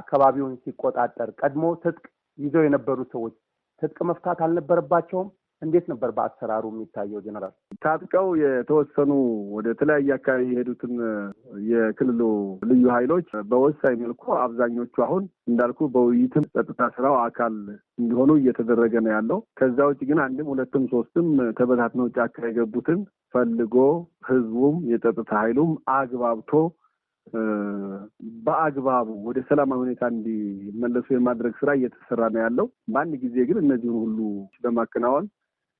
አካባቢውን ሲቆጣጠር ቀድሞ ትጥቅ ይዘው የነበሩ ሰዎች ትጥቅ መፍታት አልነበረባቸውም? እንዴት ነበር በአሰራሩ የሚታየው? ጀነራል ታጥቀው የተወሰኑ ወደ ተለያየ አካባቢ የሄዱትን የክልሉ ልዩ ኃይሎች በወሳኝ መልኩ አብዛኞቹ አሁን እንዳልኩ በውይይትም ጸጥታ ስራው አካል እንዲሆኑ እየተደረገ ነው ያለው። ከዛ ውጭ ግን አንድም ሁለትም ሶስትም ተበታትነው ጫካ የገቡትን ፈልጎ ህዝቡም የጸጥታ ኃይሉም አግባብቶ በአግባቡ ወደ ሰላማዊ ሁኔታ እንዲመለሱ የማድረግ ስራ እየተሰራ ነው ያለው። በአንድ ጊዜ ግን እነዚህን ሁሉ ለማከናወን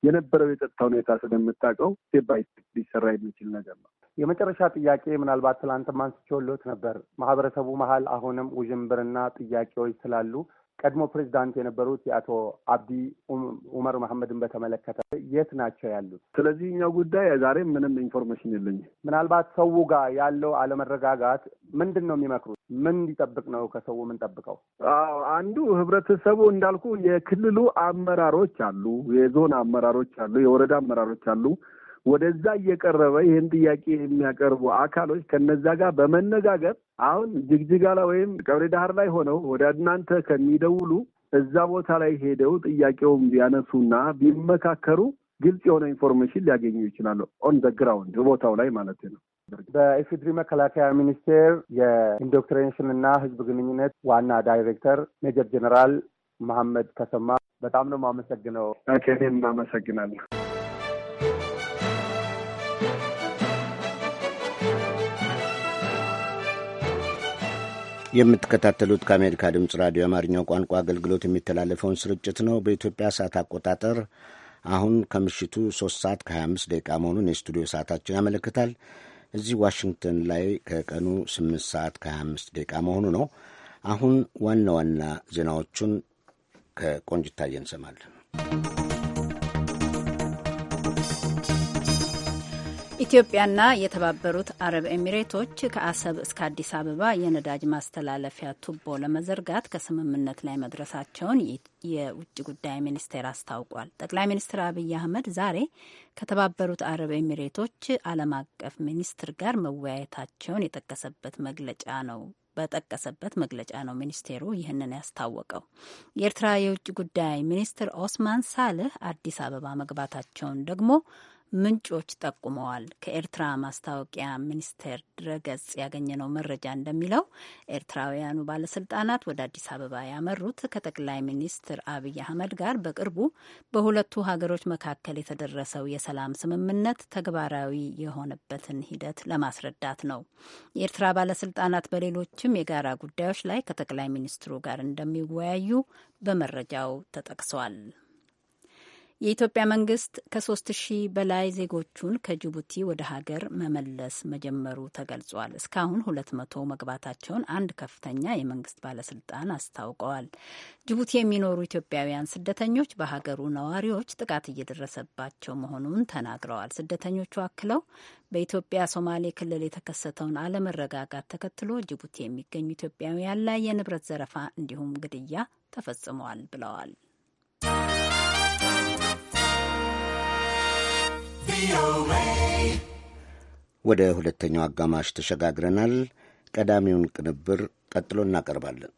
የነበረው የጸጥታ ሁኔታ ስለምታውቀው ባይ ሊሰራ የሚችል ነገር ነው። የመጨረሻ ጥያቄ ምናልባት ትላንት አንስቼልዎት ነበር። ማህበረሰቡ መሀል አሁንም ውዥንብርና ጥያቄዎች ስላሉ ቀድሞ ፕሬዚዳንት የነበሩት የአቶ አብዲ ኡመር መሐመድን በተመለከተ የት ናቸው ያሉት? ስለዚህኛው ጉዳይ ዛሬም ምንም ኢንፎርሜሽን የለኝ። ምናልባት ሰው ጋር ያለው አለመረጋጋት ምንድን ነው የሚመክሩት? ምን እንዲጠብቅ ነው ከሰው የምንጠብቀው? አንዱ ህብረተሰቡ እንዳልኩ የክልሉ አመራሮች አሉ፣ የዞን አመራሮች አሉ፣ የወረዳ አመራሮች አሉ ወደዛ እየቀረበ ይህን ጥያቄ የሚያቀርቡ አካሎች ከነዛ ጋር በመነጋገር አሁን ጅግጅጋ ላይ ወይም ቀብሪ ዳህር ላይ ሆነው ወደ እናንተ ከሚደውሉ እዛ ቦታ ላይ ሄደው ጥያቄውን ቢያነሱና ቢመካከሩ ግልጽ የሆነ ኢንፎርሜሽን ሊያገኙ ይችላሉ። ኦን ዘ ግራውንድ ቦታው ላይ ማለት ነው። በኢፌድሪ መከላከያ ሚኒስቴር የኢንዶክትሪኔሽን እና ሕዝብ ግንኙነት ዋና ዳይሬክተር ሜጀር ጀነራል መሐመድ ከሰማ በጣም ነው የማመሰግነው። እኔም አመሰግናለሁ። የምትከታተሉት ከአሜሪካ ድምፅ ራዲዮ የአማርኛው ቋንቋ አገልግሎት የሚተላለፈውን ስርጭት ነው። በኢትዮጵያ ሰዓት አቆጣጠር አሁን ከምሽቱ 3 ሰዓት ከ25 ደቂቃ መሆኑን የስቱዲዮ ሰዓታችን ያመለክታል። እዚህ ዋሽንግተን ላይ ከቀኑ 8 ሰዓት ከ25 ደቂቃ መሆኑ ነው። አሁን ዋና ዋና ዜናዎቹን ከቆንጅታየ እንሰማለን። ኢትዮጵያና የተባበሩት አረብ ኤሚሬቶች ከአሰብ እስከ አዲስ አበባ የነዳጅ ማስተላለፊያ ቱቦ ለመዘርጋት ከስምምነት ላይ መድረሳቸውን የውጭ ጉዳይ ሚኒስቴር አስታውቋል። ጠቅላይ ሚኒስትር አብይ አህመድ ዛሬ ከተባበሩት አረብ ኤሚሬቶች ዓለም አቀፍ ሚኒስትር ጋር መወያየታቸውን የጠቀሰበት መግለጫ ነው በጠቀሰበት መግለጫ ነው ሚኒስቴሩ ይህንን ያስታወቀው። የኤርትራ የውጭ ጉዳይ ሚኒስትር ኦስማን ሳልህ አዲስ አበባ መግባታቸውን ደግሞ ምንጮች ጠቁመዋል። ከኤርትራ ማስታወቂያ ሚኒስቴር ድረገጽ ያገኘነው መረጃ እንደሚለው ኤርትራውያኑ ባለስልጣናት ወደ አዲስ አበባ ያመሩት ከጠቅላይ ሚኒስትር አብይ አህመድ ጋር በቅርቡ በሁለቱ ሀገሮች መካከል የተደረሰው የሰላም ስምምነት ተግባራዊ የሆነበትን ሂደት ለማስረዳት ነው። የኤርትራ ባለስልጣናት በሌሎችም የጋራ ጉዳዮች ላይ ከጠቅላይ ሚኒስትሩ ጋር እንደሚወያዩ በመረጃው ተጠቅሷል። የኢትዮጵያ መንግስት ከሶስት ሺህ በላይ ዜጎቹን ከጅቡቲ ወደ ሀገር መመለስ መጀመሩ ተገልጿል። እስካሁን ሁለት መቶ መግባታቸውን አንድ ከፍተኛ የመንግስት ባለስልጣን አስታውቀዋል። ጅቡቲ የሚኖሩ ኢትዮጵያውያን ስደተኞች በሀገሩ ነዋሪዎች ጥቃት እየደረሰባቸው መሆኑን ተናግረዋል። ስደተኞቹ አክለው በኢትዮጵያ ሶማሌ ክልል የተከሰተውን አለመረጋጋት ተከትሎ ጅቡቲ የሚገኙ ኢትዮጵያውያን ላይ የንብረት ዘረፋ እንዲሁም ግድያ ተፈጽመዋል ብለዋል። ወደ ሁለተኛው አጋማሽ ተሸጋግረናል። ቀዳሚውን ቅንብር ቀጥሎ እናቀርባለን።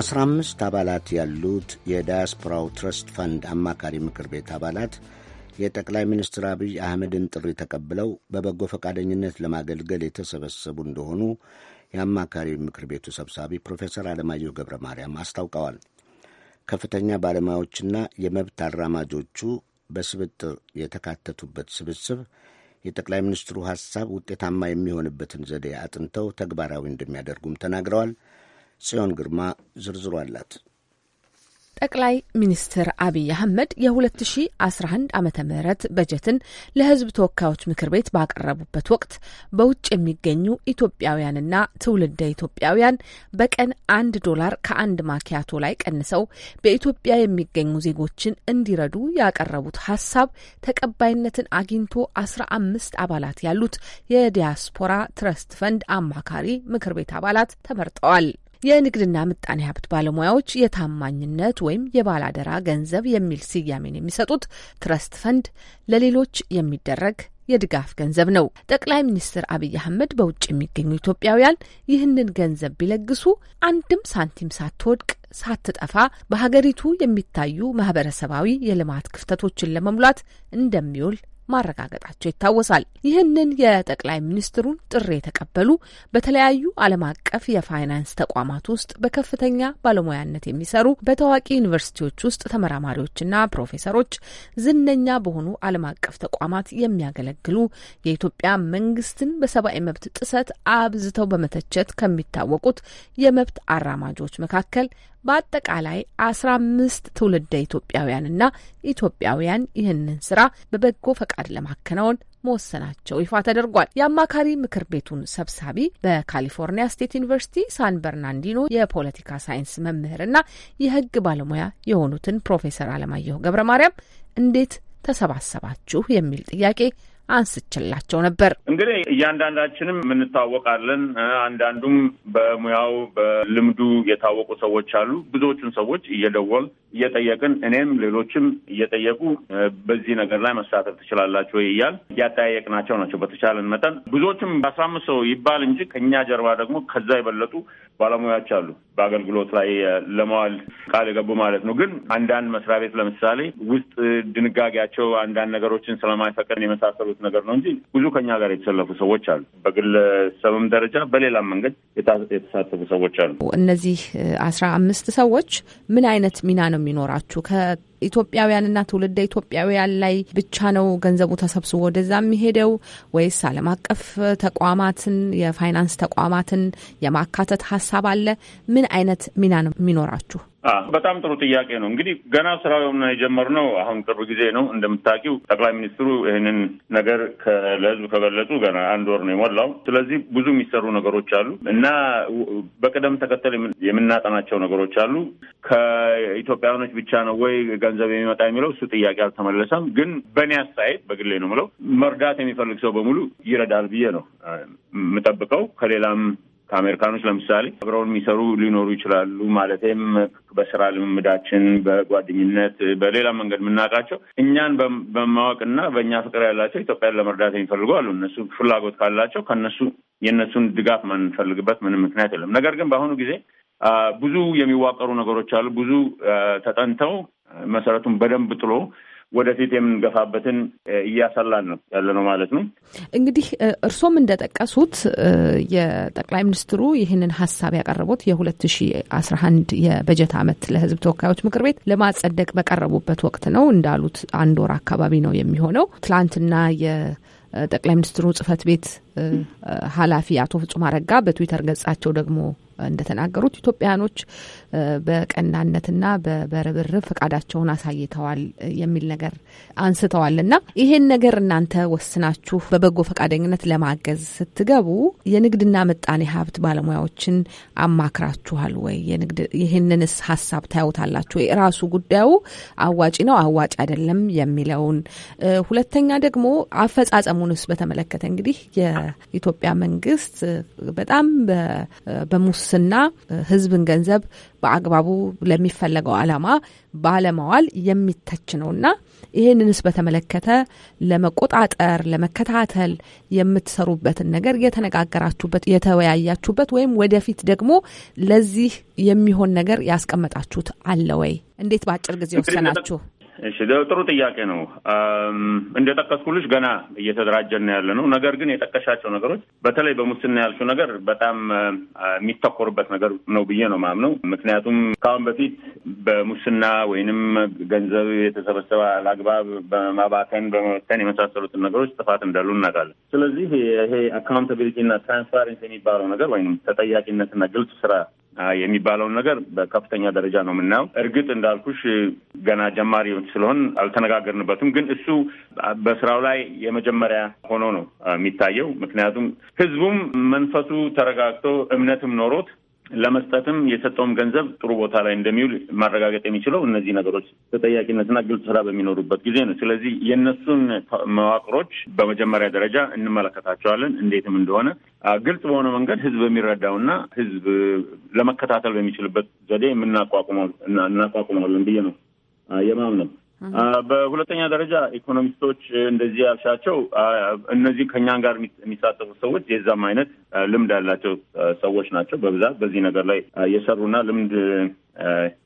አስራ አምስት አባላት ያሉት የዳያስፖራው ትረስት ፈንድ አማካሪ ምክር ቤት አባላት የጠቅላይ ሚኒስትር አብይ አህመድን ጥሪ ተቀብለው በበጎ ፈቃደኝነት ለማገልገል የተሰበሰቡ እንደሆኑ የአማካሪ ምክር ቤቱ ሰብሳቢ ፕሮፌሰር አለማየሁ ገብረ ማርያም አስታውቀዋል። ከፍተኛ ባለሙያዎችና የመብት አራማጆቹ በስብጥር የተካተቱበት ስብስብ የጠቅላይ ሚኒስትሩ ሐሳብ ውጤታማ የሚሆንበትን ዘዴ አጥንተው ተግባራዊ እንደሚያደርጉም ተናግረዋል። ጽዮን ግርማ ዝርዝሩ አላት። ጠቅላይ ሚኒስትር አብይ አህመድ የ2011 ዓ ም በጀትን ለህዝብ ተወካዮች ምክር ቤት ባቀረቡበት ወቅት በውጭ የሚገኙ ኢትዮጵያውያንና ትውልደ ኢትዮጵያውያን በቀን አንድ ዶላር ከአንድ ማኪያቶ ላይ ቀንሰው በኢትዮጵያ የሚገኙ ዜጎችን እንዲረዱ ያቀረቡት ሀሳብ ተቀባይነትን አግኝቶ 15 አባላት ያሉት የዲያስፖራ ትረስት ፈንድ አማካሪ ምክር ቤት አባላት ተመርጠዋል። የንግድና ምጣኔ ሀብት ባለሙያዎች የታማኝነት ወይም የባላደራ ገንዘብ የሚል ስያሜን የሚሰጡት ትረስት ፈንድ ለሌሎች የሚደረግ የድጋፍ ገንዘብ ነው። ጠቅላይ ሚኒስትር አብይ አህመድ በውጭ የሚገኙ ኢትዮጵያውያን ይህንን ገንዘብ ቢለግሱ አንድም ሳንቲም ሳትወድቅ ሳትጠፋ በሀገሪቱ የሚታዩ ማህበረሰባዊ የልማት ክፍተቶችን ለመሙላት እንደሚውል ማረጋገጣቸው ይታወሳል። ይህንን የጠቅላይ ሚኒስትሩን ጥሪ የተቀበሉ በተለያዩ ዓለም አቀፍ የፋይናንስ ተቋማት ውስጥ በከፍተኛ ባለሙያነት የሚሰሩ በታዋቂ ዩኒቨርሲቲዎች ውስጥ ተመራማሪዎችና ፕሮፌሰሮች፣ ዝነኛ በሆኑ ዓለም አቀፍ ተቋማት የሚያገለግሉ የኢትዮጵያ መንግስትን በሰብአዊ መብት ጥሰት አብዝተው በመተቸት ከሚታወቁት የመብት አራማጆች መካከል በአጠቃላይ አስራ አምስት ትውልደ ኢትዮጵያውያንና ኢትዮጵያውያን ይህንን ስራ በበጎ ፈቃድ ለማከናወን መወሰናቸው ይፋ ተደርጓል። የአማካሪ ምክር ቤቱን ሰብሳቢ በካሊፎርኒያ ስቴት ዩኒቨርሲቲ ሳን በርናንዲኖ የፖለቲካ ሳይንስ መምህርና የሕግ ባለሙያ የሆኑትን ፕሮፌሰር አለማየሁ ገብረ ማርያም እንዴት ተሰባሰባችሁ የሚል ጥያቄ አንስችላቸው ነበር። እንግዲህ እያንዳንዳችንም እንታወቃለን። አንዳንዱም በሙያው በልምዱ የታወቁ ሰዎች አሉ። ብዙዎቹን ሰዎች እየደወል እየጠየቅን እኔም ሌሎችም እየጠየቁ በዚህ ነገር ላይ መሳተፍ ትችላላችሁ ወይ እያል እያጠያየቅናቸው ናቸው። በተቻለን መጠን ብዙዎችም በአስራ አምስት ሰው ይባል እንጂ ከእኛ ጀርባ ደግሞ ከዛ የበለጡ ባለሙያዎች አሉ በአገልግሎት ላይ ለማዋል ቃል የገቡ ማለት ነው። ግን አንዳንድ መስሪያ ቤት ለምሳሌ ውስጥ ድንጋጌያቸው አንዳንድ ነገሮችን ስለማይፈቀድ የመሳሰሉት ነገር ነው እንጂ ብዙ ከኛ ጋር የተሰለፉ ሰዎች አሉ። በግለሰብም ደረጃ በሌላም መንገድ የተሳተፉ ሰዎች አሉ። እነዚህ አስራ አምስት ሰዎች ምን አይነት ሚና ነው የሚኖራችሁ ከኢትዮጵያውያንና ትውልደ ኢትዮጵያውያን ላይ ብቻ ነው ገንዘቡ ተሰብስቦ ወደዛ የሚሄደው ወይስ ዓለም አቀፍ ተቋማትን የፋይናንስ ተቋማትን የማካተት ሀሳብ አለ? ምን አይነት ሚና ነው የሚኖራችሁ? በጣም ጥሩ ጥያቄ ነው። እንግዲህ ገና ስራውን የጀመርነው አሁን ቅርብ ጊዜ ነው። እንደምታውቂው ጠቅላይ ሚኒስትሩ ይህንን ነገር ለህዝብ ከገለጹ ገና አንድ ወር ነው የሞላው። ስለዚህ ብዙ የሚሰሩ ነገሮች አሉ እና በቅደም ተከተል የምናጠናቸው ነገሮች አሉ። ከኢትዮጵያውያኖች ብቻ ነው ወይ ገንዘብ የሚመጣ የሚለው እሱ ጥያቄ አልተመለሰም። ግን በእኔ አስተያየት በግሌ ነው የምለው መርዳት የሚፈልግ ሰው በሙሉ ይረዳል ብዬ ነው የምጠብቀው ከሌላም ከአሜሪካኖች ለምሳሌ አብረውን የሚሰሩ ሊኖሩ ይችላሉ። ማለትም በስራ ልምምዳችን፣ በጓደኝነት፣ በሌላ መንገድ የምናውቃቸው እኛን በማወቅና በእኛ ፍቅር ያላቸው ኢትዮጵያን ለመርዳት የሚፈልጉ አሉ። እነሱ ፍላጎት ካላቸው ከነሱ የእነሱን ድጋፍ ማንፈልግበት ምንም ምክንያት የለም። ነገር ግን በአሁኑ ጊዜ ብዙ የሚዋቀሩ ነገሮች አሉ። ብዙ ተጠንተው መሰረቱን በደንብ ጥሎ ወደፊት የምንገፋበትን እያሰላን ነው ያለ ነው ማለት ነው። እንግዲህ እርሶም እንደጠቀሱት የጠቅላይ ሚኒስትሩ ይህንን ሀሳብ ያቀረቡት የ2011 የበጀት ዓመት ለሕዝብ ተወካዮች ምክር ቤት ለማጸደቅ በቀረቡበት ወቅት ነው። እንዳሉት አንድ ወር አካባቢ ነው የሚሆነው። ትላንትና የጠቅላይ ሚኒስትሩ ጽህፈት ቤት ኃላፊ አቶ ፍጹም አረጋ በትዊተር ገጻቸው ደግሞ እንደተናገሩት ኢትዮጵያውያኖች በቀናነትና በርብርብ ፈቃዳቸውን አሳይተዋል የሚል ነገር አንስተዋል እና ይሄን ነገር እናንተ ወስናችሁ በበጎ ፈቃደኝነት ለማገዝ ስትገቡ የንግድና ምጣኔ ሀብት ባለሙያዎችን አማክራችኋል ወይ? የንግድ ይህንንስ ሀሳብ ታዩታላችሁ? የራሱ ጉዳዩ አዋጭ ነው አዋጭ አይደለም የሚለውን ሁለተኛ ደግሞ አፈጻጸሙንስ በተመለከተ እንግዲህ የኢትዮጵያ መንግስት በጣም በሙስ ሙስና ህዝብን ገንዘብ በአግባቡ ለሚፈለገው አላማ ባለማዋል የሚተች ነውና ይህንንስ በተመለከተ ለመቆጣጠር ለመከታተል የምትሰሩበትን ነገር የተነጋገራችሁበት የተወያያችሁበት ወይም ወደፊት ደግሞ ለዚህ የሚሆን ነገር ያስቀመጣችሁት አለ ወይ? እንዴት በአጭር ጊዜ ወሰናችሁ? እሺ ጥሩ ጥያቄ ነው። ልጅ ገና እየተደራጀን ነው ያለ ነው። ነገር ግን የጠቀሻቸው ነገሮች በተለይ በሙስና ያልሽው ነገር በጣም የሚተኮርበት ነገር ነው ብዬ ነው ማምነው። ምክንያቱም ከአሁን በፊት በሙስና ወይንም ገንዘብ የተሰበሰበ አላግባብ በማባከን በመበተን የመሳሰሉትን ነገሮች ጥፋት እንዳሉ እናውቃለን። ስለዚህ ይሄ አካውንታቢሊቲ እና ትራንስፓረንስ የሚባለው ነገር ወይም ተጠያቂነትና ግልጽ ስራ የሚባለውን ነገር በከፍተኛ ደረጃ ነው የምናየው። እርግጥ እንዳልኩሽ ገና ጀማሪ ስለሆን አልተነጋገርንበትም፣ ግን እሱ በስራው ላይ የመጀመሪያ ሆኖ ነው የሚታየው። ምክንያቱም ህዝቡም መንፈሱ ተረጋግቶ እምነትም ኖሮት ለመስጠትም የሰጠውም ገንዘብ ጥሩ ቦታ ላይ እንደሚውል ማረጋገጥ የሚችለው እነዚህ ነገሮች ተጠያቂነትና ግልጽ ስራ በሚኖሩበት ጊዜ ነው። ስለዚህ የእነሱን መዋቅሮች በመጀመሪያ ደረጃ እንመለከታቸዋለን። እንዴትም እንደሆነ ግልጽ በሆነ መንገድ ህዝብ የሚረዳውና ህዝብ ለመከታተል በሚችልበት ዘዴ የምናቋቁመው እናቋቁመዋለን ብዬ ነው የማምነው። በሁለተኛ ደረጃ ኢኮኖሚስቶች እንደዚህ ያልሻቸው እነዚህ ከእኛን ጋር የሚሳተፉ ሰዎች የዛም አይነት ልምድ ያላቸው ሰዎች ናቸው። በብዛት በዚህ ነገር ላይ የሰሩና ልምድ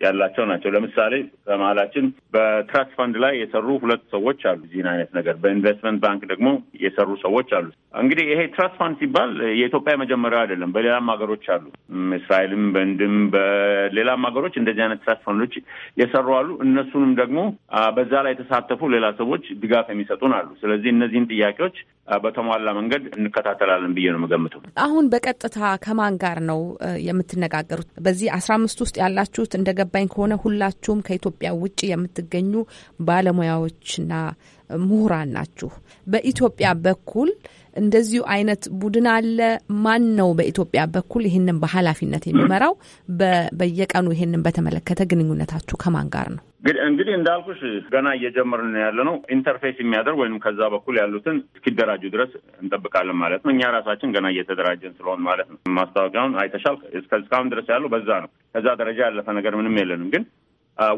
ያላቸው ናቸው። ለምሳሌ በመሀላችን በትራስት ፈንድ ላይ የሰሩ ሁለት ሰዎች አሉ። እዚህን አይነት ነገር በኢንቨስትመንት ባንክ ደግሞ የሰሩ ሰዎች አሉ። እንግዲህ ይሄ ትራስት ፋንድ ሲባል የኢትዮጵያ መጀመሪያ አይደለም። በሌላም ሀገሮች አሉ። እስራኤልም፣ በህንድም፣ በሌላም ሀገሮች እንደዚህ አይነት ትራስት ፋንዶች የሰሩ አሉ። እነሱንም ደግሞ በዛ ላይ የተሳተፉ ሌላ ሰዎች ድጋፍ የሚሰጡን አሉ። ስለዚህ እነዚህን ጥያቄዎች በተሟላ መንገድ እንከታተላለን ብዬ ነው የምገምተው። አሁን በቀጥታ ከማን ጋር ነው የምትነጋገሩት? በዚህ አስራ አምስት ውስጥ ያላችሁ ውስጥ እንደገባኝ ከሆነ ሁላችሁም ከኢትዮጵያ ውጭ የምትገኙ ባለሙያዎችና ምሁራን ናችሁ። በኢትዮጵያ በኩል እንደዚሁ አይነት ቡድን አለ? ማን ነው በኢትዮጵያ በኩል ይህንን በኃላፊነት የሚመራው? በየቀኑ ይህንን በተመለከተ ግንኙነታችሁ ከማን ጋር ነው? እንግዲህ እንዳልኩሽ ገና እየጀመርን ያለ ነው። ኢንተርፌስ የሚያደርግ ወይም ከዛ በኩል ያሉትን እስኪደራጁ ድረስ እንጠብቃለን ማለት ነው። እኛ ራሳችን ገና እየተደራጀን ስለሆን ማለት ነው። ማስታወቂያውን አይተሻል። እስካሁን ድረስ ያለው በዛ ነው። ከዛ ደረጃ ያለፈ ነገር ምንም የለንም ግን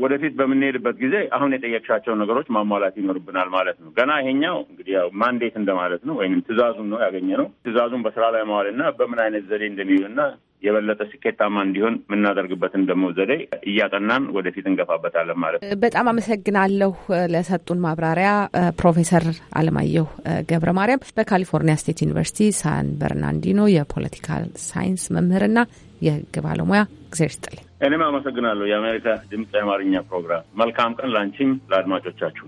ወደፊት በምንሄድበት ጊዜ አሁን የጠየቅሻቸው ነገሮች ማሟላት ይኖርብናል ማለት ነው። ገና ይሄኛው እንግዲህ ያው ማንዴት እንደማለት ነው ወይም ትዕዛዙን ነው ያገኘ ነው። ትዕዛዙን በስራ ላይ መዋልና በምን አይነት ዘዴ እንደሚውልና የበለጠ ስኬታማ እንዲሆን የምናደርግበትን ደግሞ ዘዴ እያጠናን ወደፊት እንገፋበታለን ማለት ነው። በጣም አመሰግናለሁ ለሰጡን ማብራሪያ ፕሮፌሰር አለማየሁ ገብረ ማርያም በካሊፎርኒያ ስቴት ዩኒቨርሲቲ ሳን በርናንዲኖ የፖለቲካል ሳይንስ መምህርና የህግ ባለሙያ። ጊዜ ይስጥልኝ። እኔም አመሰግናለሁ። የአሜሪካ ድምፅ የአማርኛ ፕሮግራም መልካም ቀን ላንቺም ለአድማጮቻችሁ።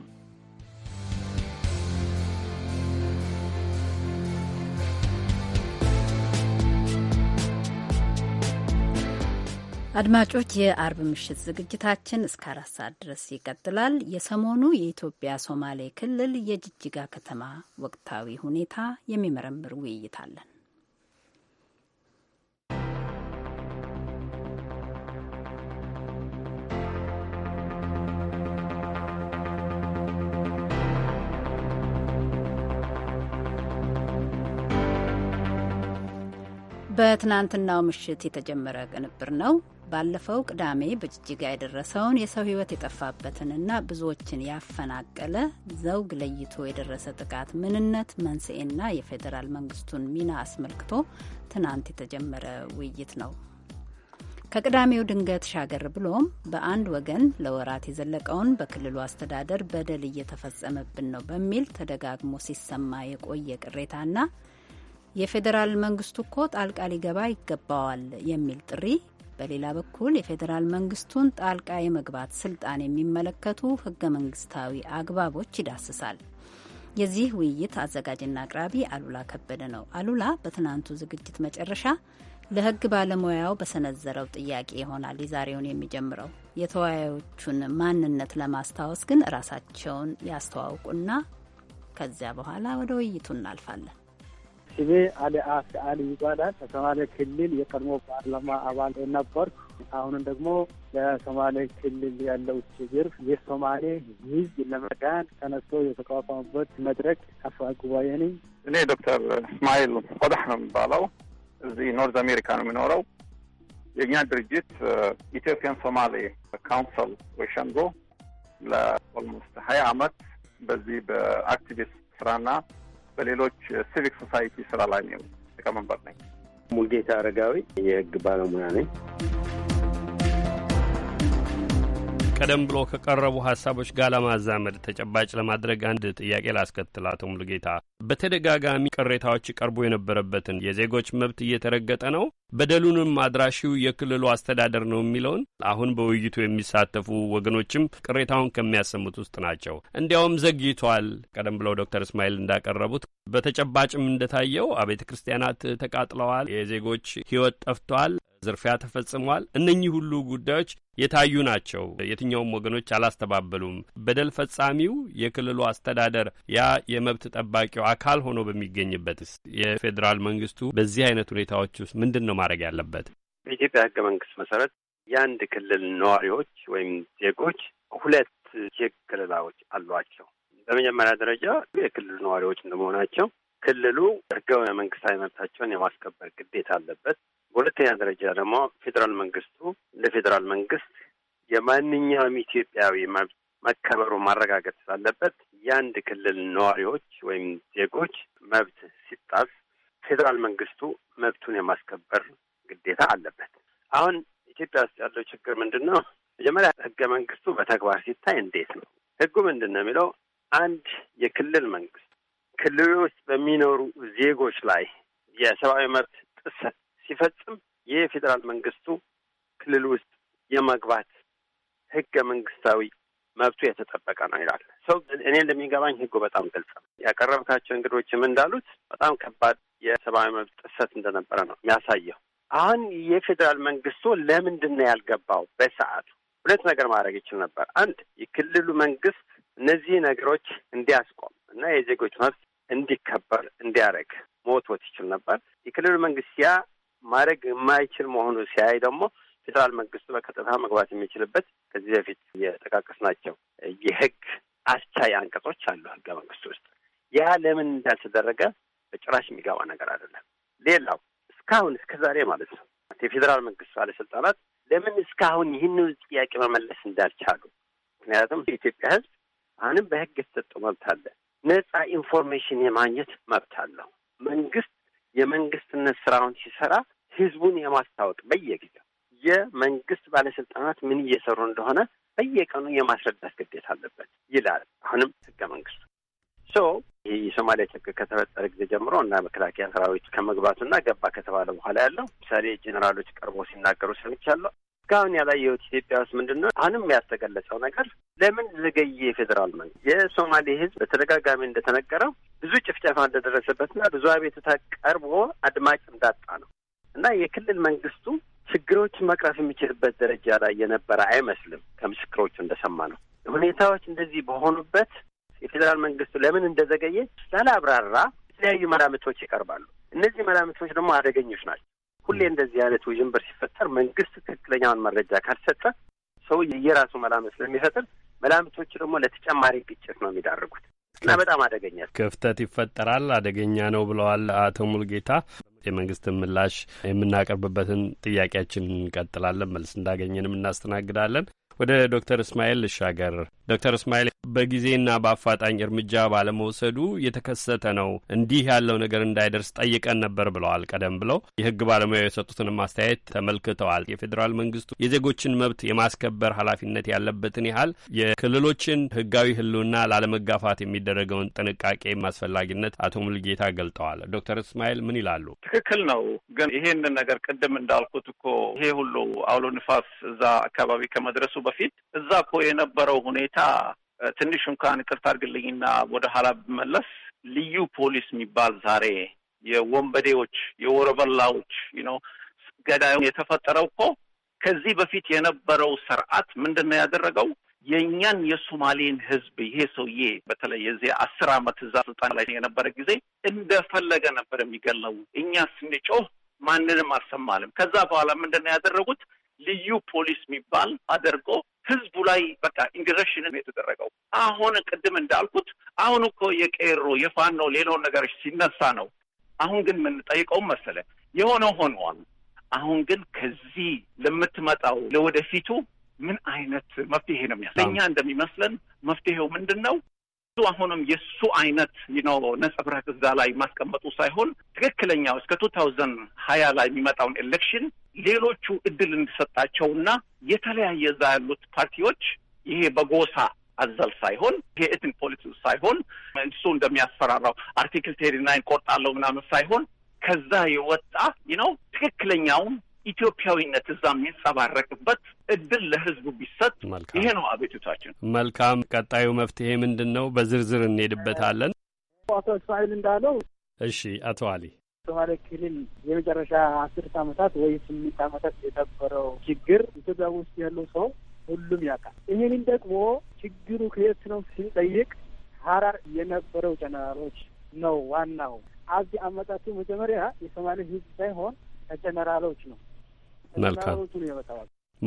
አድማጮች የአርብ ምሽት ዝግጅታችን እስከ አራት ሰዓት ድረስ ይቀጥላል። የሰሞኑ የኢትዮጵያ ሶማሌ ክልል የጅጅጋ ከተማ ወቅታዊ ሁኔታ የሚመረምር ውይይት አለን። በትናንትናው ምሽት የተጀመረ ቅንብር ነው። ባለፈው ቅዳሜ በጅጅጋ የደረሰውን የሰው ሕይወት የጠፋበትንና ብዙዎችን ያፈናቀለ ዘውግ ለይቶ የደረሰ ጥቃት ምንነት፣ መንስኤና የፌዴራል መንግስቱን ሚና አስመልክቶ ትናንት የተጀመረ ውይይት ነው። ከቅዳሜው ድንገት ሻገር ብሎም በአንድ ወገን ለወራት የዘለቀውን በክልሉ አስተዳደር በደል እየተፈጸመብን ነው በሚል ተደጋግሞ ሲሰማ የቆየ ቅሬታና የፌዴራል መንግስቱ እኮ ጣልቃ ሊገባ ይገባዋል የሚል ጥሪ፣ በሌላ በኩል የፌዴራል መንግስቱን ጣልቃ የመግባት ስልጣን የሚመለከቱ ህገ መንግስታዊ አግባቦች ይዳስሳል። የዚህ ውይይት አዘጋጅና አቅራቢ አሉላ ከበደ ነው። አሉላ በትናንቱ ዝግጅት መጨረሻ ለህግ ባለሙያው በሰነዘረው ጥያቄ ይሆናል የዛሬውን የሚጀምረው። የተወያዮቹን ማንነት ለማስታወስ ግን ራሳቸውን ያስተዋውቁና ከዚያ በኋላ ወደ ውይይቱ እናልፋለን። ስሜ አሊ አስአል ይባላል። ከሶማሌ ክልል የቀድሞ ፓርላማ አባል ነበርኩ። አሁንም ደግሞ ለሶማሌ ክልል ያለው ችግር የሶማሌ ሕዝብ ለመዳን ተነስቶ የተቋቋሙበት መድረክ አፋ ጉባኤ ነኝ። እኔ ዶክተር እስማኤል ቆዳህ ነው የሚባለው። እዚህ ኖርዝ አሜሪካ ነው የሚኖረው። የእኛ ድርጅት ኢትዮጵያን ሶማሌ ካውንስል ወይ ሸንጎ ለኦልሞስት ሀያ አመት በዚህ በአክቲቪስት ስራና በሌሎች ሲቪክ ሶሳይቲ ስራ ላይ ነው። ሊቀመንበር ነኝ። ሙልጌታ አረጋዊ የህግ ባለሙያ ነኝ። ቀደም ብሎ ከቀረቡ ሀሳቦች ጋር ለማዛመድ ተጨባጭ ለማድረግ አንድ ጥያቄ ላስከትል። አቶ ሙሉጌታ በተደጋጋሚ ቅሬታዎች ቀርቦ የነበረበትን የዜጎች መብት እየተረገጠ ነው፣ በደሉንም አድራሺው የክልሉ አስተዳደር ነው የሚለውን አሁን በውይይቱ የሚሳተፉ ወገኖችም ቅሬታውን ከሚያሰሙት ውስጥ ናቸው። እንዲያውም ዘግይቷል። ቀደም ብለው ዶክተር እስማኤል እንዳቀረቡት በተጨባጭም እንደታየው አቤተ ክርስቲያናት ተቃጥለዋል፣ የዜጎች ህይወት ጠፍቷል፣ ዝርፊያ ተፈጽሟል። እነኚህ ሁሉ ጉዳዮች የታዩ ናቸው። የትኛውም ወገኖች አላስተባበሉም። በደል ፈጻሚው የክልሉ አስተዳደር ያ የመብት ጠባቂው አካል ሆኖ በሚገኝበትስ የፌዴራል መንግስቱ በዚህ አይነት ሁኔታዎች ውስጥ ምንድን ነው ማድረግ ያለበት? በኢትዮጵያ ህገ መንግስት መሰረት የአንድ ክልል ነዋሪዎች ወይም ዜጎች ሁለት የክልላዎች አሏቸው። በመጀመሪያ ደረጃ የክልሉ ነዋሪዎች እንደመሆናቸው ክልሉ ህገ መንግስታዊ መብታቸውን የማስከበር ግዴታ አለበት። በሁለተኛ ደረጃ ደግሞ ፌዴራል መንግስቱ እንደ ፌዴራል መንግስት የማንኛውም ኢትዮጵያዊ መብት መከበሩ ማረጋገጥ ስላለበት የአንድ ክልል ነዋሪዎች ወይም ዜጎች መብት ሲጣስ ፌዴራል መንግስቱ መብቱን የማስከበር ግዴታ አለበት። አሁን ኢትዮጵያ ውስጥ ያለው ችግር ምንድን ነው? መጀመሪያ ህገ መንግስቱ በተግባር ሲታይ እንዴት ነው? ህጉ ምንድን ነው የሚለው አንድ የክልል መንግስት ክልሎች በሚኖሩ ዜጎች ላይ የሰብአዊ መብት ጥሰት ሲፈጽም የፌዴራል መንግስቱ ክልል ውስጥ የመግባት ህገ መንግስታዊ መብቱ የተጠበቀ ነው ይላል። ሰው እኔ እንደሚገባኝ ህጉ በጣም ግልጽ ነው። ያቀረብካቸው እንግዶችም እንዳሉት በጣም ከባድ የሰብአዊ መብት ጥሰት እንደነበረ ነው የሚያሳየው። አሁን የፌዴራል መንግስቱ ለምንድን ነው ያልገባው? በሰዓቱ ሁለት ነገር ማድረግ ይችል ነበር። አንድ የክልሉ መንግስት እነዚህ ነገሮች እንዲያስቆም እና የዜጎች መብት እንዲከበር እንዲያደርግ መወትወት ይችል ነበር። የክልሉ መንግስት ያ ማድረግ የማይችል መሆኑ ሲያይ ደግሞ ፌዴራል መንግስቱ በቀጥታ መግባት የሚችልበት ከዚህ በፊት የጠቃቀስ ናቸው የህግ አስቻይ አንቀጾች አሉ ህገ መንግስቱ ውስጥ። ያ ለምን እንዳልተደረገ በጭራሽ የሚገባ ነገር አይደለም። ሌላው እስካሁን እስከዛሬ ማለት ነው የፌዴራል መንግስት ባለስልጣናት ለምን እስካሁን ይህንን ጥያቄ መመለስ እንዳልቻሉ ምክንያቱም የኢትዮጵያ ህዝብ አሁንም በህግ የተሰጠው መብት አለ። ነጻ ኢንፎርሜሽን የማግኘት መብት አለው። መንግስት የመንግስትነት ስራውን ሲሰራ ህዝቡን የማስታወቅ በየጊዜው የመንግስት ባለስልጣናት ምን እየሰሩ እንደሆነ በየቀኑ የማስረዳት ግዴታ አለበት ይላል አሁንም ህገ መንግስቱ። ሶ ይህ የሶማሊያ ችግር ከተፈጠረ ጊዜ ጀምሮ እና መከላከያ ሰራዊት ከመግባቱና ገባ ከተባለ በኋላ ያለው ምሳሌ ጄኔራሎች ቀርቦ ሲናገሩ ሰምቻለሁ። እስካሁን ያላየሁት ኢትዮጵያ ውስጥ ምንድን ነው አሁንም ያልተገለጸው ነገር ለምን ዘገየ? የፌዴራል መንግስት የሶማሌ ህዝብ በተደጋጋሚ እንደተነገረው ብዙ ጭፍጨፋ እንደደረሰበትና ብዙ አቤቱታ ቀርቦ አድማጭ እንዳጣ ነው እና የክልል መንግስቱ ችግሮችን መቅረፍ የሚችልበት ደረጃ ላይ የነበረ አይመስልም። ከምስክሮቹ እንደሰማ ነው ሁኔታዎች እንደዚህ በሆኑበት የፌዴራል መንግስቱ ለምን እንደዘገየ ስላላብራራ የተለያዩ መላምቶች ይቀርባሉ። እነዚህ መላምቶች ደግሞ አደገኞች ናቸው። ሁሌ እንደዚህ አይነት ውዥንብር ሲፈጠር መንግስት ትክክለኛውን መረጃ ካልሰጠ ሰው የራሱ መላምት ስለሚፈጥር መላምቶች ደግሞ ለተጨማሪ ግጭት ነው የሚዳርጉት እና በጣም አደገኛ ክፍተት ይፈጠራል። አደገኛ ነው ብለዋል አቶ ሙልጌታ። የመንግስትን ምላሽ የምናቀርብበትን ጥያቄያችን እንቀጥላለን። መልስ እንዳገኘንም እናስተናግዳለን። ወደ ዶክተር እስማኤል ልሻገር። ዶክተር እስማኤል በጊዜና በአፋጣኝ እርምጃ ባለመውሰዱ የተከሰተ ነው እንዲህ ያለው ነገር እንዳይደርስ ጠይቀን ነበር ብለዋል። ቀደም ብለው የህግ ባለሙያ የሰጡትንም አስተያየት ተመልክተዋል። የፌዴራል መንግስቱ የዜጎችን መብት የማስከበር ኃላፊነት ያለበትን ያህል የክልሎችን ህጋዊ ህልውና ላለመጋፋት የሚደረገውን ጥንቃቄ አስፈላጊነት አቶ ሙልጌታ ገልጠዋል። ዶክተር እስማኤል ምን ይላሉ? ትክክል ነው። ግን ይሄንን ነገር ቅድም እንዳልኩት እኮ ይሄ ሁሉ አውሎ ንፋስ እዛ አካባቢ ከመድረሱ በፊት እዛ እኮ የነበረው ሁኔታ ትንሽ እንኳን ቅርታ አድርግልኝና ወደ ኋላ ብመለስ ልዩ ፖሊስ የሚባል ዛሬ የወንበዴዎች የወረበላዎች ነው ገዳዩ የተፈጠረው እኮ ከዚህ በፊት የነበረው ስርዓት ምንድን ነው ያደረገው? የእኛን የሶማሌን ህዝብ ይሄ ሰውዬ በተለይ የዚህ አስር ዓመት እዛ ስልጣን ላይ የነበረ ጊዜ እንደፈለገ ነበር የሚገለው። እኛ ስንጮህ ማንንም አልሰማልም። ከዛ በኋላ ምንድን ነው ያደረጉት? ልዩ ፖሊስ የሚባል አድርጎ ህዝቡ ላይ በቃ ኢንግሬሽንን የተደረገው አሁን ቅድም እንዳልኩት አሁን እኮ የቄሮ የፋኖ ሌላውን ነገሮች ሲነሳ ነው። አሁን ግን የምንጠይቀው መሰለ የሆነ ሆኗል። አሁን ግን ከዚህ ለምትመጣው ለወደፊቱ ምን አይነት መፍትሄ ነው የሚያስ ለእኛ እንደሚመስለን መፍትሄው ምንድን ነው? እሱ አሁንም የእሱ አይነት ነው ነጸብራቅ እዛ ላይ ማስቀመጡ ሳይሆን ትክክለኛው እስከ ቱ ታውዘንድ ሀያ ላይ የሚመጣውን ኤሌክሽን ሌሎቹ እድል እንዲሰጣቸው እንዲሰጣቸውና የተለያየ እዛ ያሉት ፓርቲዎች ይሄ በጎሳ አዘል ሳይሆን ይሄ ኤትኒክ ፖሊቲክስ ሳይሆን እሱ እንደሚያስፈራራው አርቲክል ቴሪ ናይን ቆርጣለሁ ምናምን ሳይሆን ከዛ የወጣ ነው ትክክለኛውን ኢትዮጵያዊነት እዛ የሚንጸባረቅበት እድል ለህዝቡ ቢሰጥ ይሄ ነው አቤቱታችን። መልካም። ቀጣዩ መፍትሄ ምንድን ነው? በዝርዝር እንሄድበታለን። አቶ እስማኤል እንዳለው እሺ፣ አቶ አሊ ሶማሌ ክልል የመጨረሻ አስርት ዓመታት ወይ ስምንት ዓመታት የነበረው ችግር ኢትዮጵያ ውስጥ ያለው ሰው ሁሉም ያውቃል። ይህንን ደግሞ ችግሩ ከየት ነው ሲጠይቅ ሀራር የነበረው ጀነራሎች ነው ዋናው። አዚህ አመጣቱ መጀመሪያ የሶማሌ ህዝብ ሳይሆን ከጀነራሎች ነው መልካም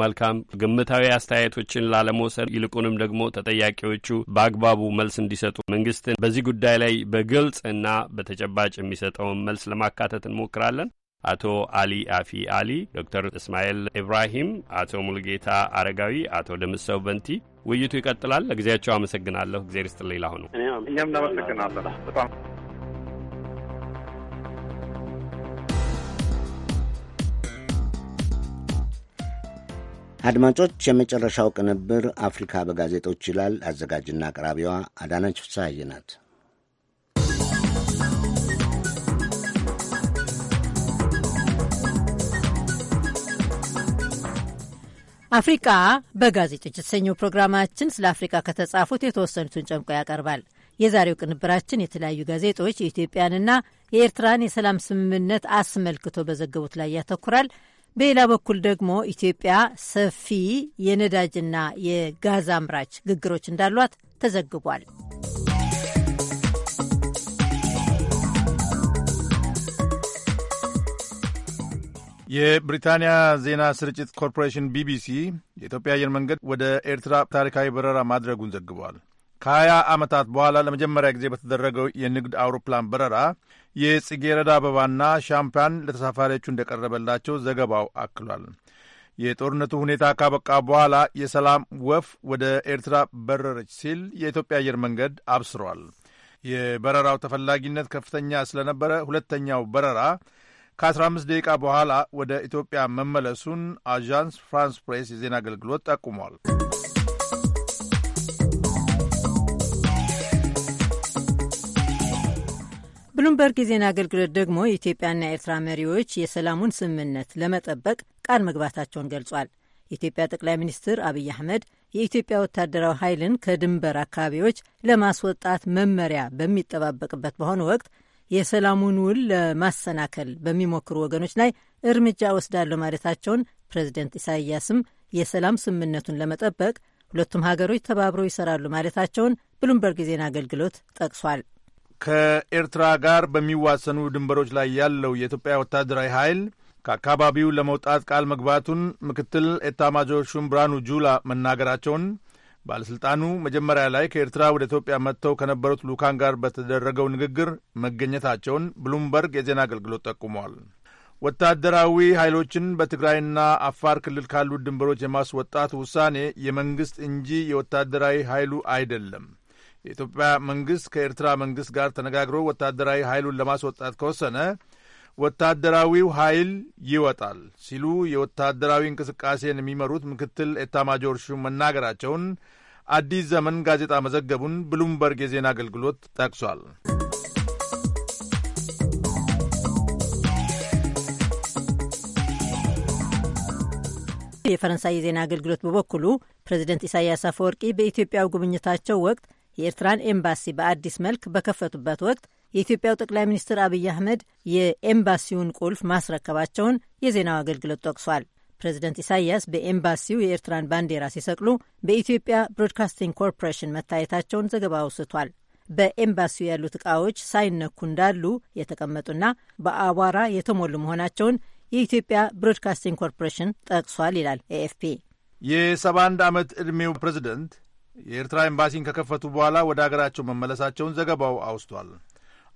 መልካም ግምታዊ አስተያየቶችን ላለመውሰድ ይልቁንም ደግሞ ተጠያቂዎቹ በአግባቡ መልስ እንዲሰጡ መንግስትን በዚህ ጉዳይ ላይ በግልጽ እና በተጨባጭ የሚሰጠውን መልስ ለማካተት እንሞክራለን። አቶ አሊ አፊ አሊ፣ ዶክተር እስማኤል ኢብራሂም፣ አቶ ሙልጌታ አረጋዊ፣ አቶ ደምሰው በንቲ። ውይይቱ ይቀጥላል። ለጊዜያቸው አመሰግናለሁ። እግዜር ስጥ ሌላ ሆኑ እኛም እናመሰግናለን በጣም አድማጮች፣ የመጨረሻው ቅንብር አፍሪካ በጋዜጦች ይላል። አዘጋጅና አቅራቢዋ አዳነች ፍስሐዬ ናት። አፍሪቃ በጋዜጦች የተሰኘው ፕሮግራማችን ስለ አፍሪካ ከተጻፉት የተወሰኑትን ጨምቆ ያቀርባል። የዛሬው ቅንብራችን የተለያዩ ጋዜጦች የኢትዮጵያንና የኤርትራን የሰላም ስምምነት አስመልክቶ በዘገቡት ላይ ያተኩራል። በሌላ በኩል ደግሞ ኢትዮጵያ ሰፊ የነዳጅና የጋዝ አምራች ግግሮች እንዳሏት ተዘግቧል። የብሪታንያ ዜና ስርጭት ኮርፖሬሽን ቢቢሲ የኢትዮጵያ አየር መንገድ ወደ ኤርትራ ታሪካዊ በረራ ማድረጉን ዘግቧል። ከሀያ ዓመታት በኋላ ለመጀመሪያ ጊዜ በተደረገው የንግድ አውሮፕላን በረራ የጽጌረዳ አበባና ሻምፓን ለተሳፋሪዎቹ እንደቀረበላቸው ዘገባው አክሏል። የጦርነቱ ሁኔታ ካበቃ በኋላ የሰላም ወፍ ወደ ኤርትራ በረረች ሲል የኢትዮጵያ አየር መንገድ አብስሯል። የበረራው ተፈላጊነት ከፍተኛ ስለነበረ ሁለተኛው በረራ ከ15 ደቂቃ በኋላ ወደ ኢትዮጵያ መመለሱን አዣንስ ፍራንስ ፕሬስ የዜና አገልግሎት ጠቁሟል። ብሉምበርግ የዜና አገልግሎት ደግሞ የኢትዮጵያና የኤርትራ መሪዎች የሰላሙን ስምምነት ለመጠበቅ ቃል መግባታቸውን ገልጿል። የኢትዮጵያ ጠቅላይ ሚኒስትር አብይ አህመድ የኢትዮጵያ ወታደራዊ ኃይልን ከድንበር አካባቢዎች ለማስወጣት መመሪያ በሚጠባበቅበት በሆነ ወቅት የሰላሙን ውል ለማሰናከል በሚሞክሩ ወገኖች ላይ እርምጃ ወስዳለሁ ማለታቸውን ፕሬዚደንት ኢሳይያስም የሰላም ስምምነቱን ለመጠበቅ ሁለቱም ሀገሮች ተባብረው ይሰራሉ ማለታቸውን ብሉምበርግ የዜና አገልግሎት ጠቅሷል። ከኤርትራ ጋር በሚዋሰኑ ድንበሮች ላይ ያለው የኢትዮጵያ ወታደራዊ ኃይል ከአካባቢው ለመውጣት ቃል መግባቱን ምክትል ኤታማዦር ሹም ብርሃኑ ጁላ መናገራቸውን ባለሥልጣኑ መጀመሪያ ላይ ከኤርትራ ወደ ኢትዮጵያ መጥተው ከነበሩት ልዑካን ጋር በተደረገው ንግግር መገኘታቸውን ብሉምበርግ የዜና አገልግሎት ጠቁሟል። ወታደራዊ ኃይሎችን በትግራይና አፋር ክልል ካሉት ድንበሮች የማስወጣት ውሳኔ የመንግሥት እንጂ የወታደራዊ ኃይሉ አይደለም። የኢትዮጵያ መንግሥት ከኤርትራ መንግሥት ጋር ተነጋግሮ ወታደራዊ ኃይሉን ለማስወጣት ከወሰነ ወታደራዊው ኃይል ይወጣል ሲሉ የወታደራዊ እንቅስቃሴን የሚመሩት ምክትል ኤታማጆር ሹም መናገራቸውን አዲስ ዘመን ጋዜጣ መዘገቡን ብሉምበርግ የዜና አገልግሎት ጠቅሷል። የፈረንሳይ የዜና አገልግሎት በበኩሉ ፕሬዚደንት ኢሳያስ አፈወርቂ በኢትዮጵያው ጉብኝታቸው ወቅት የኤርትራን ኤምባሲ በአዲስ መልክ በከፈቱበት ወቅት የኢትዮጵያው ጠቅላይ ሚኒስትር አብይ አህመድ የኤምባሲውን ቁልፍ ማስረከባቸውን የዜናው አገልግሎት ጠቅሷል። ፕሬዚደንት ኢሳያስ በኤምባሲው የኤርትራን ባንዲራ ሲሰቅሉ በኢትዮጵያ ብሮድካስቲንግ ኮርፖሬሽን መታየታቸውን ዘገባ አውስቷል። በኤምባሲው ያሉት እቃዎች ሳይነኩ እንዳሉ የተቀመጡና በአቧራ የተሞሉ መሆናቸውን የኢትዮጵያ ብሮድካስቲንግ ኮርፖሬሽን ጠቅሷል ይላል ኤኤፍፒ። የ71 ዓመት ዕድሜው ፕሬዚደንት የኤርትራ ኤምባሲን ከከፈቱ በኋላ ወደ አገራቸው መመለሳቸውን ዘገባው አውስቷል።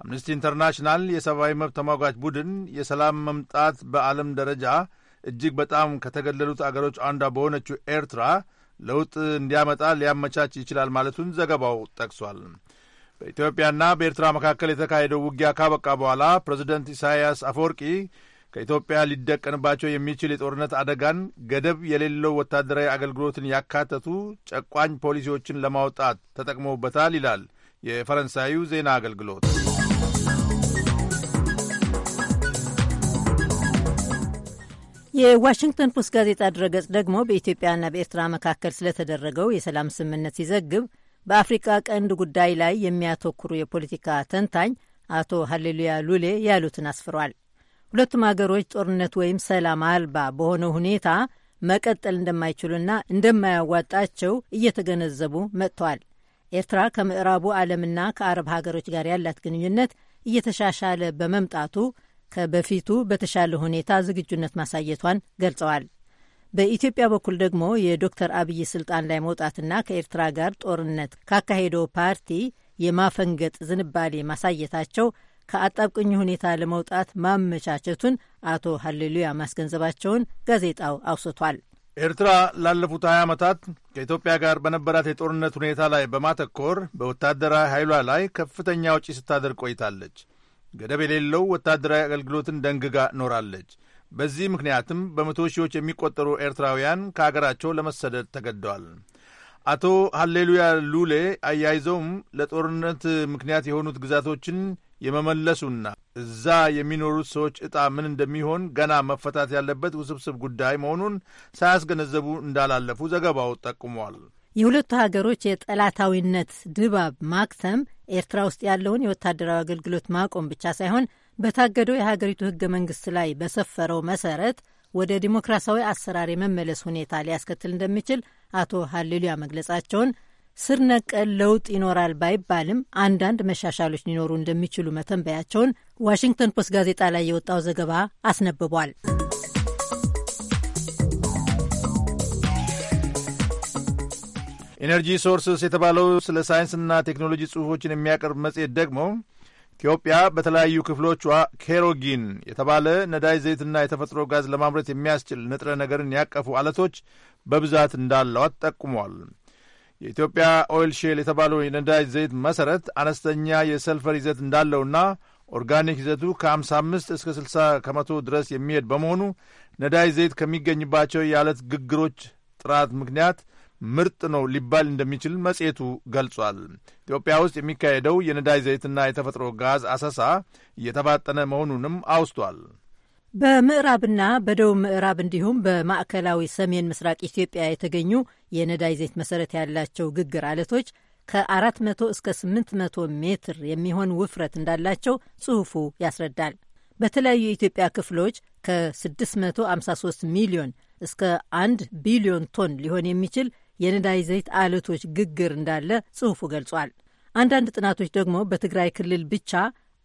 አምነስቲ ኢንተርናሽናል የሰብአዊ መብት ተሟጋች ቡድን የሰላም መምጣት በዓለም ደረጃ እጅግ በጣም ከተገለሉት አገሮች አንዷ በሆነችው ኤርትራ ለውጥ እንዲያመጣ ሊያመቻች ይችላል ማለቱን ዘገባው ጠቅሷል። በኢትዮጵያና በኤርትራ መካከል የተካሄደው ውጊያ ካበቃ በኋላ ፕሬዚደንት ኢሳይያስ አፈወርቂ ከኢትዮጵያ ሊደቀንባቸው የሚችል የጦርነት አደጋን ገደብ የሌለው ወታደራዊ አገልግሎትን ያካተቱ ጨቋኝ ፖሊሲዎችን ለማውጣት ተጠቅመውበታል ይላል የፈረንሳዩ ዜና አገልግሎት። የዋሽንግተን ፖስት ጋዜጣ ድረገጽ ደግሞ በኢትዮጵያና በኤርትራ መካከል ስለተደረገው የሰላም ስምምነት ሲዘግብ በአፍሪቃ ቀንድ ጉዳይ ላይ የሚያተኩሩ የፖለቲካ ተንታኝ አቶ ሀሌሉያ ሉሌ ያሉትን አስፍሯል። ሁለቱም ሀገሮች ጦርነት ወይም ሰላም አልባ በሆነ ሁኔታ መቀጠል እንደማይችሉና እንደማያዋጣቸው እየተገነዘቡ መጥተዋል። ኤርትራ ከምዕራቡ ዓለምና ከአረብ ሀገሮች ጋር ያላት ግንኙነት እየተሻሻለ በመምጣቱ ከበፊቱ በተሻለ ሁኔታ ዝግጁነት ማሳየቷን ገልጸዋል። በኢትዮጵያ በኩል ደግሞ የዶክተር አብይ ስልጣን ላይ መውጣትና ከኤርትራ ጋር ጦርነት ካካሄደው ፓርቲ የማፈንገጥ ዝንባሌ ማሳየታቸው ከአጣብቅኝ ሁኔታ ለመውጣት ማመቻቸቱን አቶ ሀሌሉያ ማስገንዘባቸውን ጋዜጣው አውስቷል። ኤርትራ ላለፉት 20 ዓመታት ከኢትዮጵያ ጋር በነበራት የጦርነት ሁኔታ ላይ በማተኮር በወታደራዊ ኃይሏ ላይ ከፍተኛ ውጪ ስታደርግ ቆይታለች። ገደብ የሌለው ወታደራዊ አገልግሎትን ደንግጋ ኖራለች። በዚህ ምክንያትም በመቶ ሺዎች የሚቆጠሩ ኤርትራውያን ከአገራቸው ለመሰደድ ተገደዋል። አቶ ሀሌሉያ ሉሌ አያይዘውም ለጦርነት ምክንያት የሆኑት ግዛቶችን የመመለሱና እዛ የሚኖሩት ሰዎች ዕጣ ምን እንደሚሆን ገና መፈታት ያለበት ውስብስብ ጉዳይ መሆኑን ሳያስገነዘቡ እንዳላለፉ ዘገባው ጠቁሟል። የሁለቱ ሀገሮች የጠላታዊነት ድባብ ማክተም ኤርትራ ውስጥ ያለውን የወታደራዊ አገልግሎት ማቆም ብቻ ሳይሆን በታገደው የሀገሪቱ ህገ መንግስት ላይ በሰፈረው መሰረት ወደ ዲሞክራሲያዊ አሰራር የመመለስ ሁኔታ ሊያስከትል እንደሚችል አቶ ሀሌሉያ መግለጻቸውን ስር ነቀል ለውጥ ይኖራል ባይባልም አንዳንድ መሻሻሎች ሊኖሩ እንደሚችሉ መተንበያቸውን ዋሽንግተን ፖስት ጋዜጣ ላይ የወጣው ዘገባ አስነብቧል። ኢነርጂ ሶርስስ የተባለው ስለ ሳይንስና ቴክኖሎጂ ጽሑፎችን የሚያቀርብ መጽሔት ደግሞ ኢትዮጵያ በተለያዩ ክፍሎቿ ኬሮጊን የተባለ ነዳጅ ዘይትና የተፈጥሮ ጋዝ ለማምረት የሚያስችል ንጥረ ነገርን ያቀፉ አለቶች በብዛት እንዳለዋት ጠቁሟል። የኢትዮጵያ ኦይል ሼል የተባለው የነዳጅ ዘይት መሠረት አነስተኛ የሰልፈር ይዘት እንዳለውና ኦርጋኒክ ይዘቱ ከ55 እስከ 60 ከመቶ ድረስ የሚሄድ በመሆኑ ነዳጅ ዘይት ከሚገኝባቸው የአለት ግግሮች ጥራት ምክንያት ምርጥ ነው ሊባል እንደሚችል መጽሔቱ ገልጿል። ኢትዮጵያ ውስጥ የሚካሄደው የነዳጅ ዘይትና የተፈጥሮ ጋዝ አሰሳ እየተፋጠነ መሆኑንም አውስቷል። በምዕራብና በደቡብ ምዕራብ እንዲሁም በማዕከላዊ ሰሜን ምስራቅ ኢትዮጵያ የተገኙ የነዳይ ዘይት መሰረት ያላቸው ግግር አለቶች ከ400 እስከ 800 ሜትር የሚሆን ውፍረት እንዳላቸው ጽሑፉ ያስረዳል። በተለያዩ የኢትዮጵያ ክፍሎች ከ653 ሚሊዮን እስከ 1 ቢሊዮን ቶን ሊሆን የሚችል የነዳይ ዘይት አለቶች ግግር እንዳለ ጽሑፉ ገልጿል። አንዳንድ ጥናቶች ደግሞ በትግራይ ክልል ብቻ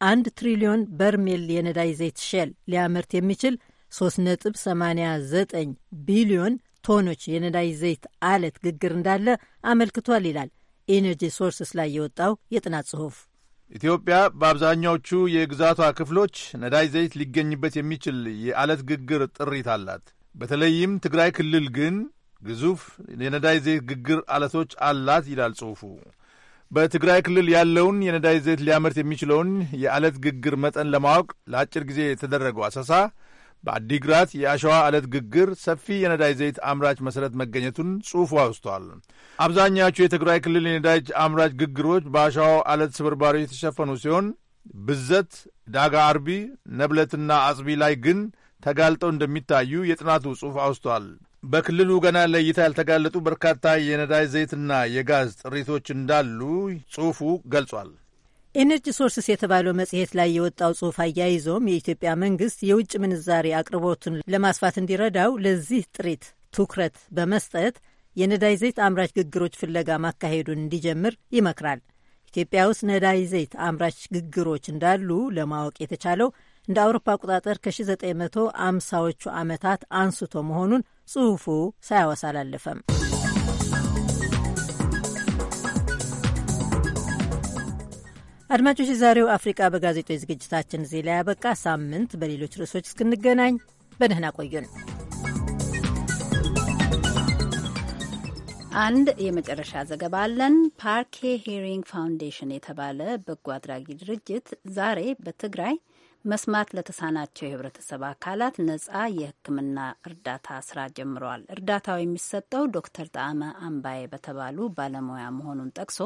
አንድ ትሪሊዮን በርሜል የነዳጅ ዘይት ሼል ሊያመርት የሚችል 3.89 ቢሊዮን ቶኖች የነዳጅ ዘይት አለት ግግር እንዳለ አመልክቷል ይላል ኢነርጂ ሶርስስ ላይ የወጣው የጥናት ጽሑፍ። ኢትዮጵያ በአብዛኛዎቹ የግዛቷ ክፍሎች ነዳጅ ዘይት ሊገኝበት የሚችል የአለት ግግር ጥሪት አላት። በተለይም ትግራይ ክልል ግን ግዙፍ የነዳጅ ዘይት ግግር አለቶች አላት ይላል ጽሑፉ። በትግራይ ክልል ያለውን የነዳጅ ዘይት ሊያመርት የሚችለውን የአለት ግግር መጠን ለማወቅ ለአጭር ጊዜ የተደረገው አሰሳ በአዲግራት የአሸዋ አለት ግግር ሰፊ የነዳጅ ዘይት አምራች መሠረት መገኘቱን ጽሑፉ አውስቷል። አብዛኛዎቹ የትግራይ ክልል የነዳጅ አምራች ግግሮች በአሸዋው አለት ስብርባሪዎች የተሸፈኑ ሲሆን ብዘት፣ ዳጋ አርቢ፣ ነብለትና አጽቢ ላይ ግን ተጋልጠው እንደሚታዩ የጥናቱ ጽሑፍ አውስቷል። በክልሉ ገና ለእይታ ያልተጋለጡ በርካታ የነዳጅ ዘይትና የጋዝ ጥሪቶች እንዳሉ ጽሑፉ ገልጿል። ኤነርጂ ሶርስስ የተባለው መጽሔት ላይ የወጣው ጽሑፍ አያይዞም የኢትዮጵያ መንግስት የውጭ ምንዛሪ አቅርቦቱን ለማስፋት እንዲረዳው ለዚህ ጥሪት ትኩረት በመስጠት የነዳጅ ዘይት አምራች ግግሮች ፍለጋ ማካሄዱን እንዲጀምር ይመክራል። ኢትዮጵያ ውስጥ ነዳጅ ዘይት አምራች ግግሮች እንዳሉ ለማወቅ የተቻለው እንደ አውሮፓ አቆጣጠር ከ1950ዎቹ ዓመታት አንስቶ መሆኑን ጽሑፉ ሳያወሳ አላለፈም። አድማጮች፣ የዛሬው አፍሪቃ በጋዜጦች ዝግጅታችን እዚህ ላይ ያበቃ። ሳምንት በሌሎች ርዕሶች እስክንገናኝ በደህና ቆዩን። አንድ የመጨረሻ ዘገባ አለን። ፓርኬ ሂሪንግ ፋውንዴሽን የተባለ በጎ አድራጊ ድርጅት ዛሬ በትግራይ መስማት ለተሳናቸው የህብረተሰብ አካላት ነጻ የህክምና እርዳታ ስራ ጀምረዋል። እርዳታው የሚሰጠው ዶክተር ጣዕመ አምባዬ በተባሉ ባለሙያ መሆኑን ጠቅሶ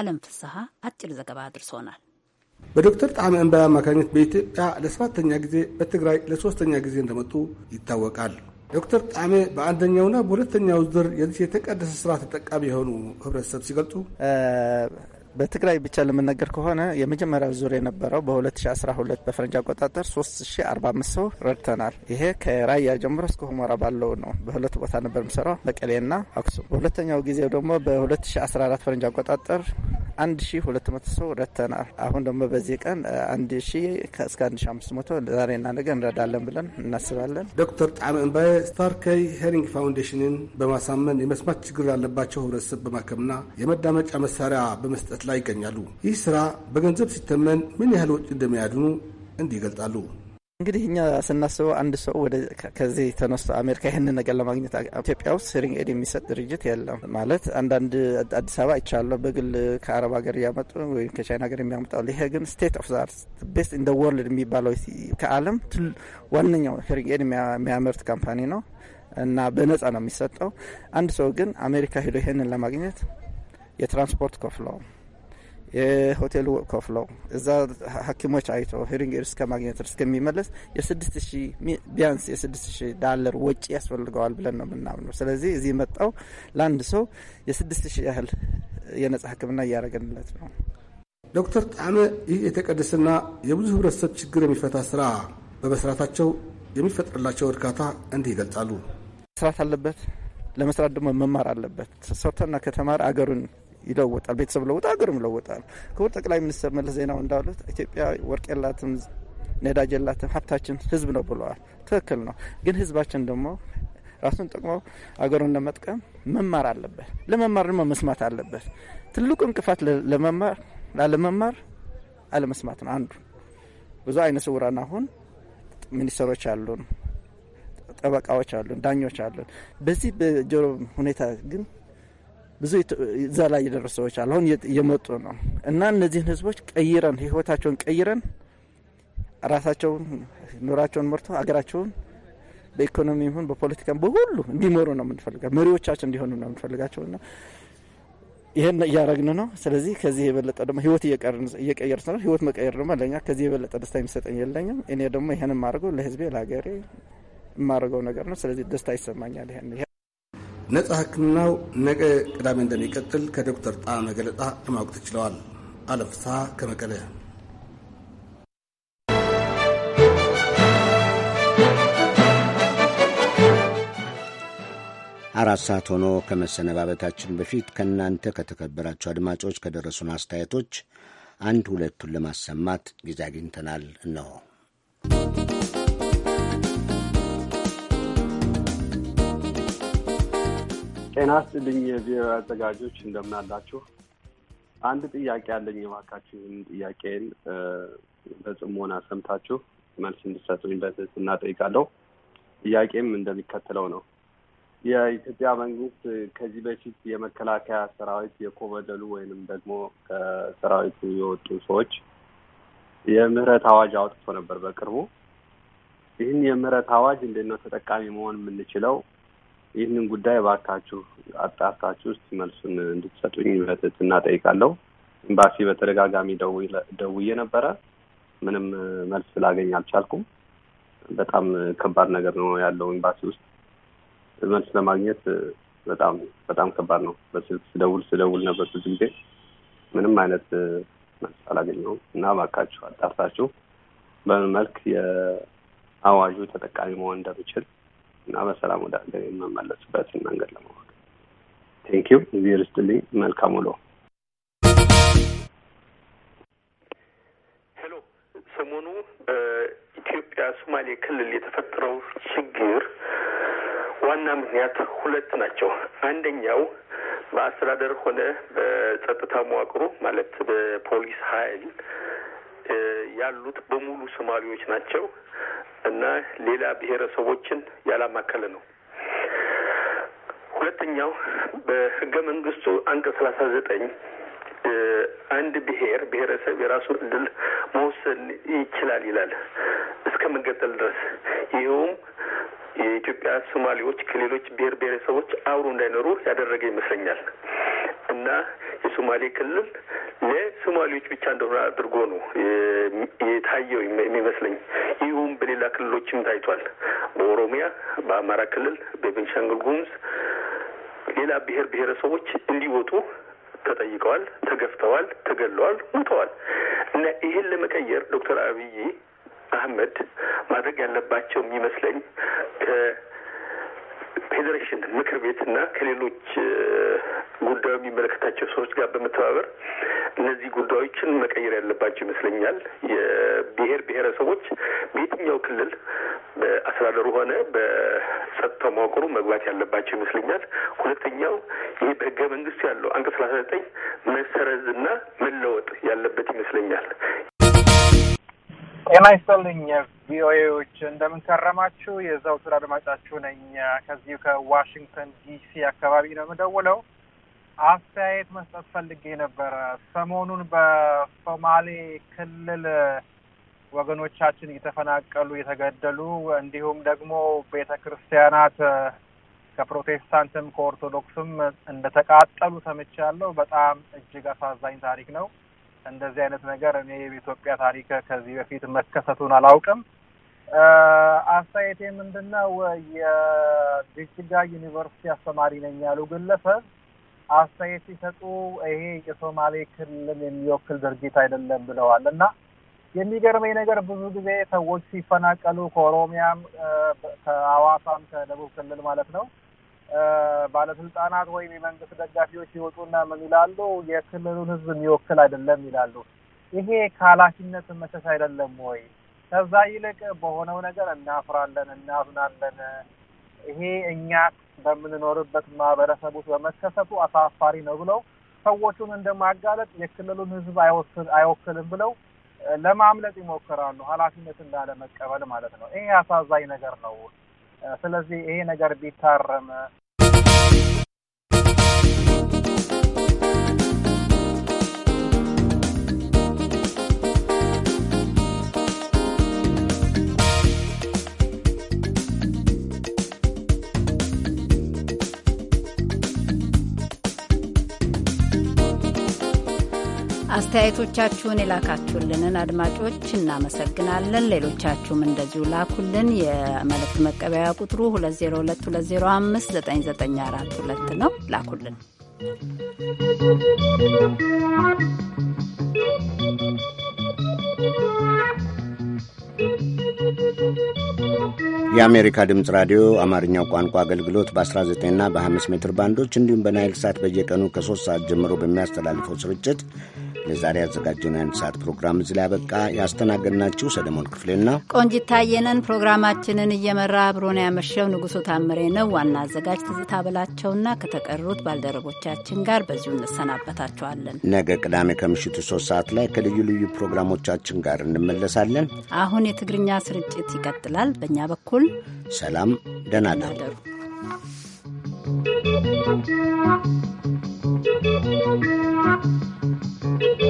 አለም ፍስሐ አጭር ዘገባ አድርሶናል። በዶክተር ጣዕመ አምባዬ አማካኝነት በኢትዮጵያ ለሰባተኛ ጊዜ በትግራይ ለሶስተኛ ጊዜ እንደመጡ ይታወቃል። ዶክተር ጣሜ በአንደኛውና በሁለተኛው ዙር የዚህ የተቀደሰ ስራ ተጠቃሚ የሆኑ ህብረተሰብ ሲገልጹ በትግራይ ብቻ ለመነገር ከሆነ የመጀመሪያው ዙር የነበረው በ2012 በፈረንጅ አቆጣጠር 3045 ሰው ረድተናል። ይሄ ከራያ ጀምሮ እስከ ሁመራ ባለው ነው። በሁለት ቦታ ነበር የምሰራው መቀሌና አክሱም። በሁለተኛው ጊዜ ደግሞ በ2014 ፈረንጅ አቆጣጠር 1200 ሰው ረድተናል። አሁን ደግሞ በዚህ ቀን 1000 እስከ 1500 ዛሬና ነገ እንረዳለን ብለን እናስባለን። ዶክተር ጣም ስታርከይ ሄሪንግ ፋውንዴሽንን በማሳመን የመስማት ችግር ላለባቸው ህብረተሰብ በማከምና የመዳመጫ መሳሪያ በመስጠት በመስራት ላይ ይገኛሉ። ይህ ስራ በገንዘብ ሲተመን ምን ያህል ወጪ እንደሚያድኑ እንዲህ ይገልጣሉ። እንግዲህ እኛ ስናስበው አንድ ሰው ወደ ከዚህ ተነስቶ አሜሪካ ይህንን ነገር ለማግኘት ኢትዮጵያ ውስጥ ሄሪንግ ኤድ የሚሰጥ ድርጅት የለም። ማለት አንዳንድ አዲስ አበባ ይቻለ በግል ከአረብ ሀገር እያመጡ ወይም ከቻይና ሀገር የሚያመጣሉ። ይሄ ግን ስቴት ኦፍ ዛርት ቤስት ኢን ደ ወርልድ የሚባለው ከዓለም ዋነኛው ሄሪንግ ኤድ የሚያመርት ካምፓኒ ነው እና በነጻ ነው የሚሰጠው። አንድ ሰው ግን አሜሪካ ሄዶ ይህንን ለማግኘት የትራንስፖርት ከፍለው የሆቴሉ ከፍለው እዛ ሐኪሞች አይቶ ሄሪንግ ኤድ እስከ ማግኘት እስከሚመለስ የስድስት ሺህ ቢያንስ የስድስት ሺህ ዳለር ወጪ ያስፈልገዋል ብለን ነው የምናምነው። ስለዚህ እዚህ መጣው ለአንድ ሰው የስድስት ሺ ያህል የነጻ ሕክምና እያደረገንለት ነው። ዶክተር ጣዕመ ይህ የተቀደሰና የብዙ ህብረተሰብ ችግር የሚፈታ ስራ በመስራታቸው የሚፈጥርላቸው እርካታ እንዲህ ይገልጻሉ። መስራት አለበት። ለመስራት ደግሞ መማር አለበት። ሰርተና ከተማር አገሩን ይለወጣል። ቤተሰብ ለውጣ ሀገርም ለውጣል። ክቡር ጠቅላይ ሚኒስትር መለስ ዜናው እንዳሉት ኢትዮጵያ ወርቅ የላትም ነዳጅ የላትም ሀብታችን ህዝብ ነው ብለዋል። ትክክል ነው። ግን ህዝባችን ደግሞ ራሱን ጠቅሞ አገሩን ለመጥቀም መማር አለበት። ለመማር ደግሞ መስማት አለበት። ትልቁ እንቅፋት ለመማር ላለመማር አለመስማት ነው አንዱ። ብዙ አይነ ስውራን አሁን ሚኒስትሮች አሉን፣ ጠበቃዎች አሉን፣ ዳኞች አሉን። በዚህ በጆሮ ሁኔታ ግን ብዙ እዛ ላይ የደረሱ ሰዎች አሉ። አሁን እየመጡ ነው እና እነዚህን ህዝቦች ቀይረን ህይወታቸውን ቀይረን ራሳቸውን ኑራቸውን መርቶ ሀገራቸውን በኢኮኖሚ ይሁን በፖለቲካ በሁሉ እንዲመሩ ነው የምንፈልጋቸው። መሪዎቻችን እንዲሆኑ ነው የምንፈልጋቸው እና ይህን እያረግን ነው። ስለዚህ ከዚህ የበለጠ ደግሞ ህይወት እየቀየር ነው። ህይወት መቀየር ደግሞ ለኛ ከዚህ የበለጠ ደስታ የሚሰጠኝ የለኝም። እኔ ደግሞ ይህን የማደርገው ለህዝቤ ለሀገሬ የማደርገው ነገር ነው። ስለዚህ ደስታ ይሰማኛል ይህን ነጻ ሕክምናው ነገ ቅዳሜ እንደሚቀጥል ከዶክተር ጣ ገለጻ ለማወቅ ተችለዋል። አለም ፍስሐ ከመቀለ አራት ሰዓት ሆኖ ከመሰነባበታችን በፊት ከእናንተ ከተከበራቸው አድማጮች ከደረሱን አስተያየቶች አንድ ሁለቱን ለማሰማት ጊዜ አግኝተናል ነው። ጤና ይስጥልኝ የቪኦኤ አዘጋጆች እንደምናላችሁ። አንድ ጥያቄ አለኝ። እባካችሁ ጥያቄን በጽሞና ሰምታችሁ መልስ እንድሰጡኝ በትት እናጠይቃለሁ ጥያቄም እንደሚከተለው ነው። የኢትዮጵያ መንግስት ከዚህ በፊት የመከላከያ ሰራዊት የኮበለሉ ወይንም ደግሞ ከሰራዊቱ የወጡ ሰዎች የምህረት አዋጅ አውጥቶ ነበር በቅርቡ። ይህን የምህረት አዋጅ እንዴት ነው ተጠቃሚ መሆን የምንችለው? ይህንን ጉዳይ ባካችሁ አጣርታችሁ ውስጥ መልሱን እንድትሰጡኝ በትህትና ጠይቃለሁ ኤምባሲ በተደጋጋሚ ደውዬ ነበረ። ምንም መልስ ላገኝ አልቻልኩም። በጣም ከባድ ነገር ነው ያለው ኤምባሲ ውስጥ መልስ ለማግኘት በጣም በጣም ከባድ ነው። በስልክ ስደውል ስደውል ነበር ብዙ ጊዜ ምንም አይነት መልስ አላገኘሁም እና ባካችሁ አጣርታችሁ በምን መልክ የአዋጁ ተጠቃሚ መሆን እንደምችል እና በሰላም ወደ ሀገር የምመለስበትን መንገድ ለማወቅ ቴንኪዩ እግዜር ይስጥልኝ። መልካም ውሎ። ሄሎ። ሰሞኑ በኢትዮጵያ ሶማሌ ክልል የተፈጠረው ችግር ዋና ምክንያት ሁለት ናቸው። አንደኛው በአስተዳደር ሆነ በጸጥታ መዋቅሩ ማለት በፖሊስ ሀይል ያሉት በሙሉ ሶማሌዎች ናቸው እና ሌላ ብሔረሰቦችን ያላማከለ ነው። ሁለተኛው በህገ መንግስቱ አንቀጽ ሰላሳ ዘጠኝ አንድ ብሔር ብሔረሰብ የራሱን እድል መወሰን ይችላል ይላል እስከ መገጠል ድረስ ይኸውም የኢትዮጵያ ሶማሌዎች ከሌሎች ብሔር ብሔረሰቦች አብሮ እንዳይኖሩ ያደረገ ይመስለኛል እና የሶማሌ ክልል ለሶማሌዎች ብቻ እንደሆነ አድርጎ ነው የታየው የሚመስለኝ። ይሁን በሌላ ክልሎችም ታይቷል። በኦሮሚያ፣ በአማራ ክልል፣ በቤንሻንጉል ጉሙዝ ሌላ ብሔር ብሔረሰቦች እንዲወጡ ተጠይቀዋል፣ ተገፍተዋል፣ ተገለዋል፣ ሞተዋል እና ይህን ለመቀየር ዶክተር አብይ አህመድ ማድረግ ያለባቸው የሚመስለኝ ፌዴሬሽን ምክር ቤትና ከሌሎች ጉዳዩ የሚመለከታቸው ሰዎች ጋር በመተባበር እነዚህ ጉዳዮችን መቀየር ያለባቸው ይመስለኛል። የብሔር ብሔረሰቦች በየትኛው ክልል በአስተዳደሩ ሆነ በጸጥታው መዋቅሩ መግባት ያለባቸው ይመስለኛል። ሁለተኛው ይህ በህገ መንግስቱ ያለው አንቀጽ ሰላሳ ዘጠኝ መሰረዝና መለወጥ ያለበት ይመስለኛል። ጤና ይስጥልኝ ቪኦኤዎች፣ እንደምንከረማችሁ የዘወትር አድማጫችሁ ነኝ። ከዚሁ ከዋሽንግተን ዲሲ አካባቢ ነው የምደውለው። አስተያየት መስጠት ፈልጌ ነበረ። ሰሞኑን በሶማሌ ክልል ወገኖቻችን እየተፈናቀሉ እየተገደሉ፣ እንዲሁም ደግሞ ቤተ ክርስቲያናት ከፕሮቴስታንትም ከኦርቶዶክስም እንደተቃጠሉ ሰምቻለሁ። በጣም እጅግ አሳዛኝ ታሪክ ነው። እንደዚህ አይነት ነገር እኔ በኢትዮጵያ ታሪክ ከዚህ በፊት መከሰቱን አላውቅም። አስተያየቴ ምንድን ነው? የጅግጅጋ ዩኒቨርሲቲ አስተማሪ ነኝ ያሉ ግለሰብ አስተያየት ሲሰጡ ይሄ የሶማሌ ክልል የሚወክል ድርጊት አይደለም ብለዋል እና የሚገርመኝ ነገር ብዙ ጊዜ ሰዎች ሲፈናቀሉ ከኦሮሚያም ከአዋሳም ከደቡብ ክልል ማለት ነው ባለስልጣናት ወይም የመንግስት ደጋፊዎች ይወጡና ምን ይላሉ? የክልሉን ህዝብ የሚወክል አይደለም ይላሉ። ይሄ ከኃላፊነት መሸሽ አይደለም ወይ? ከዛ ይልቅ በሆነው ነገር እናፍራለን፣ እናዝናለን። ይሄ እኛ በምንኖርበት ማህበረሰብ ውስጥ በመከሰቱ አሳፋሪ ነው ብለው ሰዎቹን እንደማጋለጥ የክልሉን ህዝብ አይወክልም ብለው ለማምለጥ ይሞክራሉ። ኃላፊነት እንዳለመቀበል ማለት ነው። ይሄ አሳዛኝ ነገር ነው። ስለዚህ ይሄ ነገር ቢታረም አስተያየቶቻችሁን የላካችሁልንን አድማጮች እናመሰግናለን። ሌሎቻችሁም እንደዚሁ ላኩልን። የመልእክት መቀበያ ቁጥሩ 2022059942 ነው። ላኩልን። የአሜሪካ ድምፅ ራዲዮ አማርኛው ቋንቋ አገልግሎት በ19 እና በ5 ሜትር ባንዶች እንዲሁም በናይል ሳት በየቀኑ ከ3 ሰዓት ጀምሮ በሚያስተላልፈው ስርጭት የዛሬ ያዘጋጀውን የአንድ ሰዓት ፕሮግራም እዚህ ላይ አበቃ። ያስተናገድናችሁ ሰለሞን ክፍሌና ቆንጂት ታየ ፕሮግራማችንን እየመራ አብሮን ያመሸው ንጉሱ ታምሬ ነው። ዋና አዘጋጅ ትዝታ በላቸውና ከተቀሩት ባልደረቦቻችን ጋር በዚሁ እንሰናበታችኋለን። ነገ ቅዳሜ ከምሽቱ ሶስት ሰዓት ላይ ከልዩ ልዩ ፕሮግራሞቻችን ጋር እንመለሳለን። አሁን የትግርኛ ስርጭት ይቀጥላል። በእኛ በኩል ሰላም፣ ደህና Thank you. Thank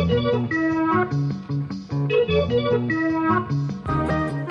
you.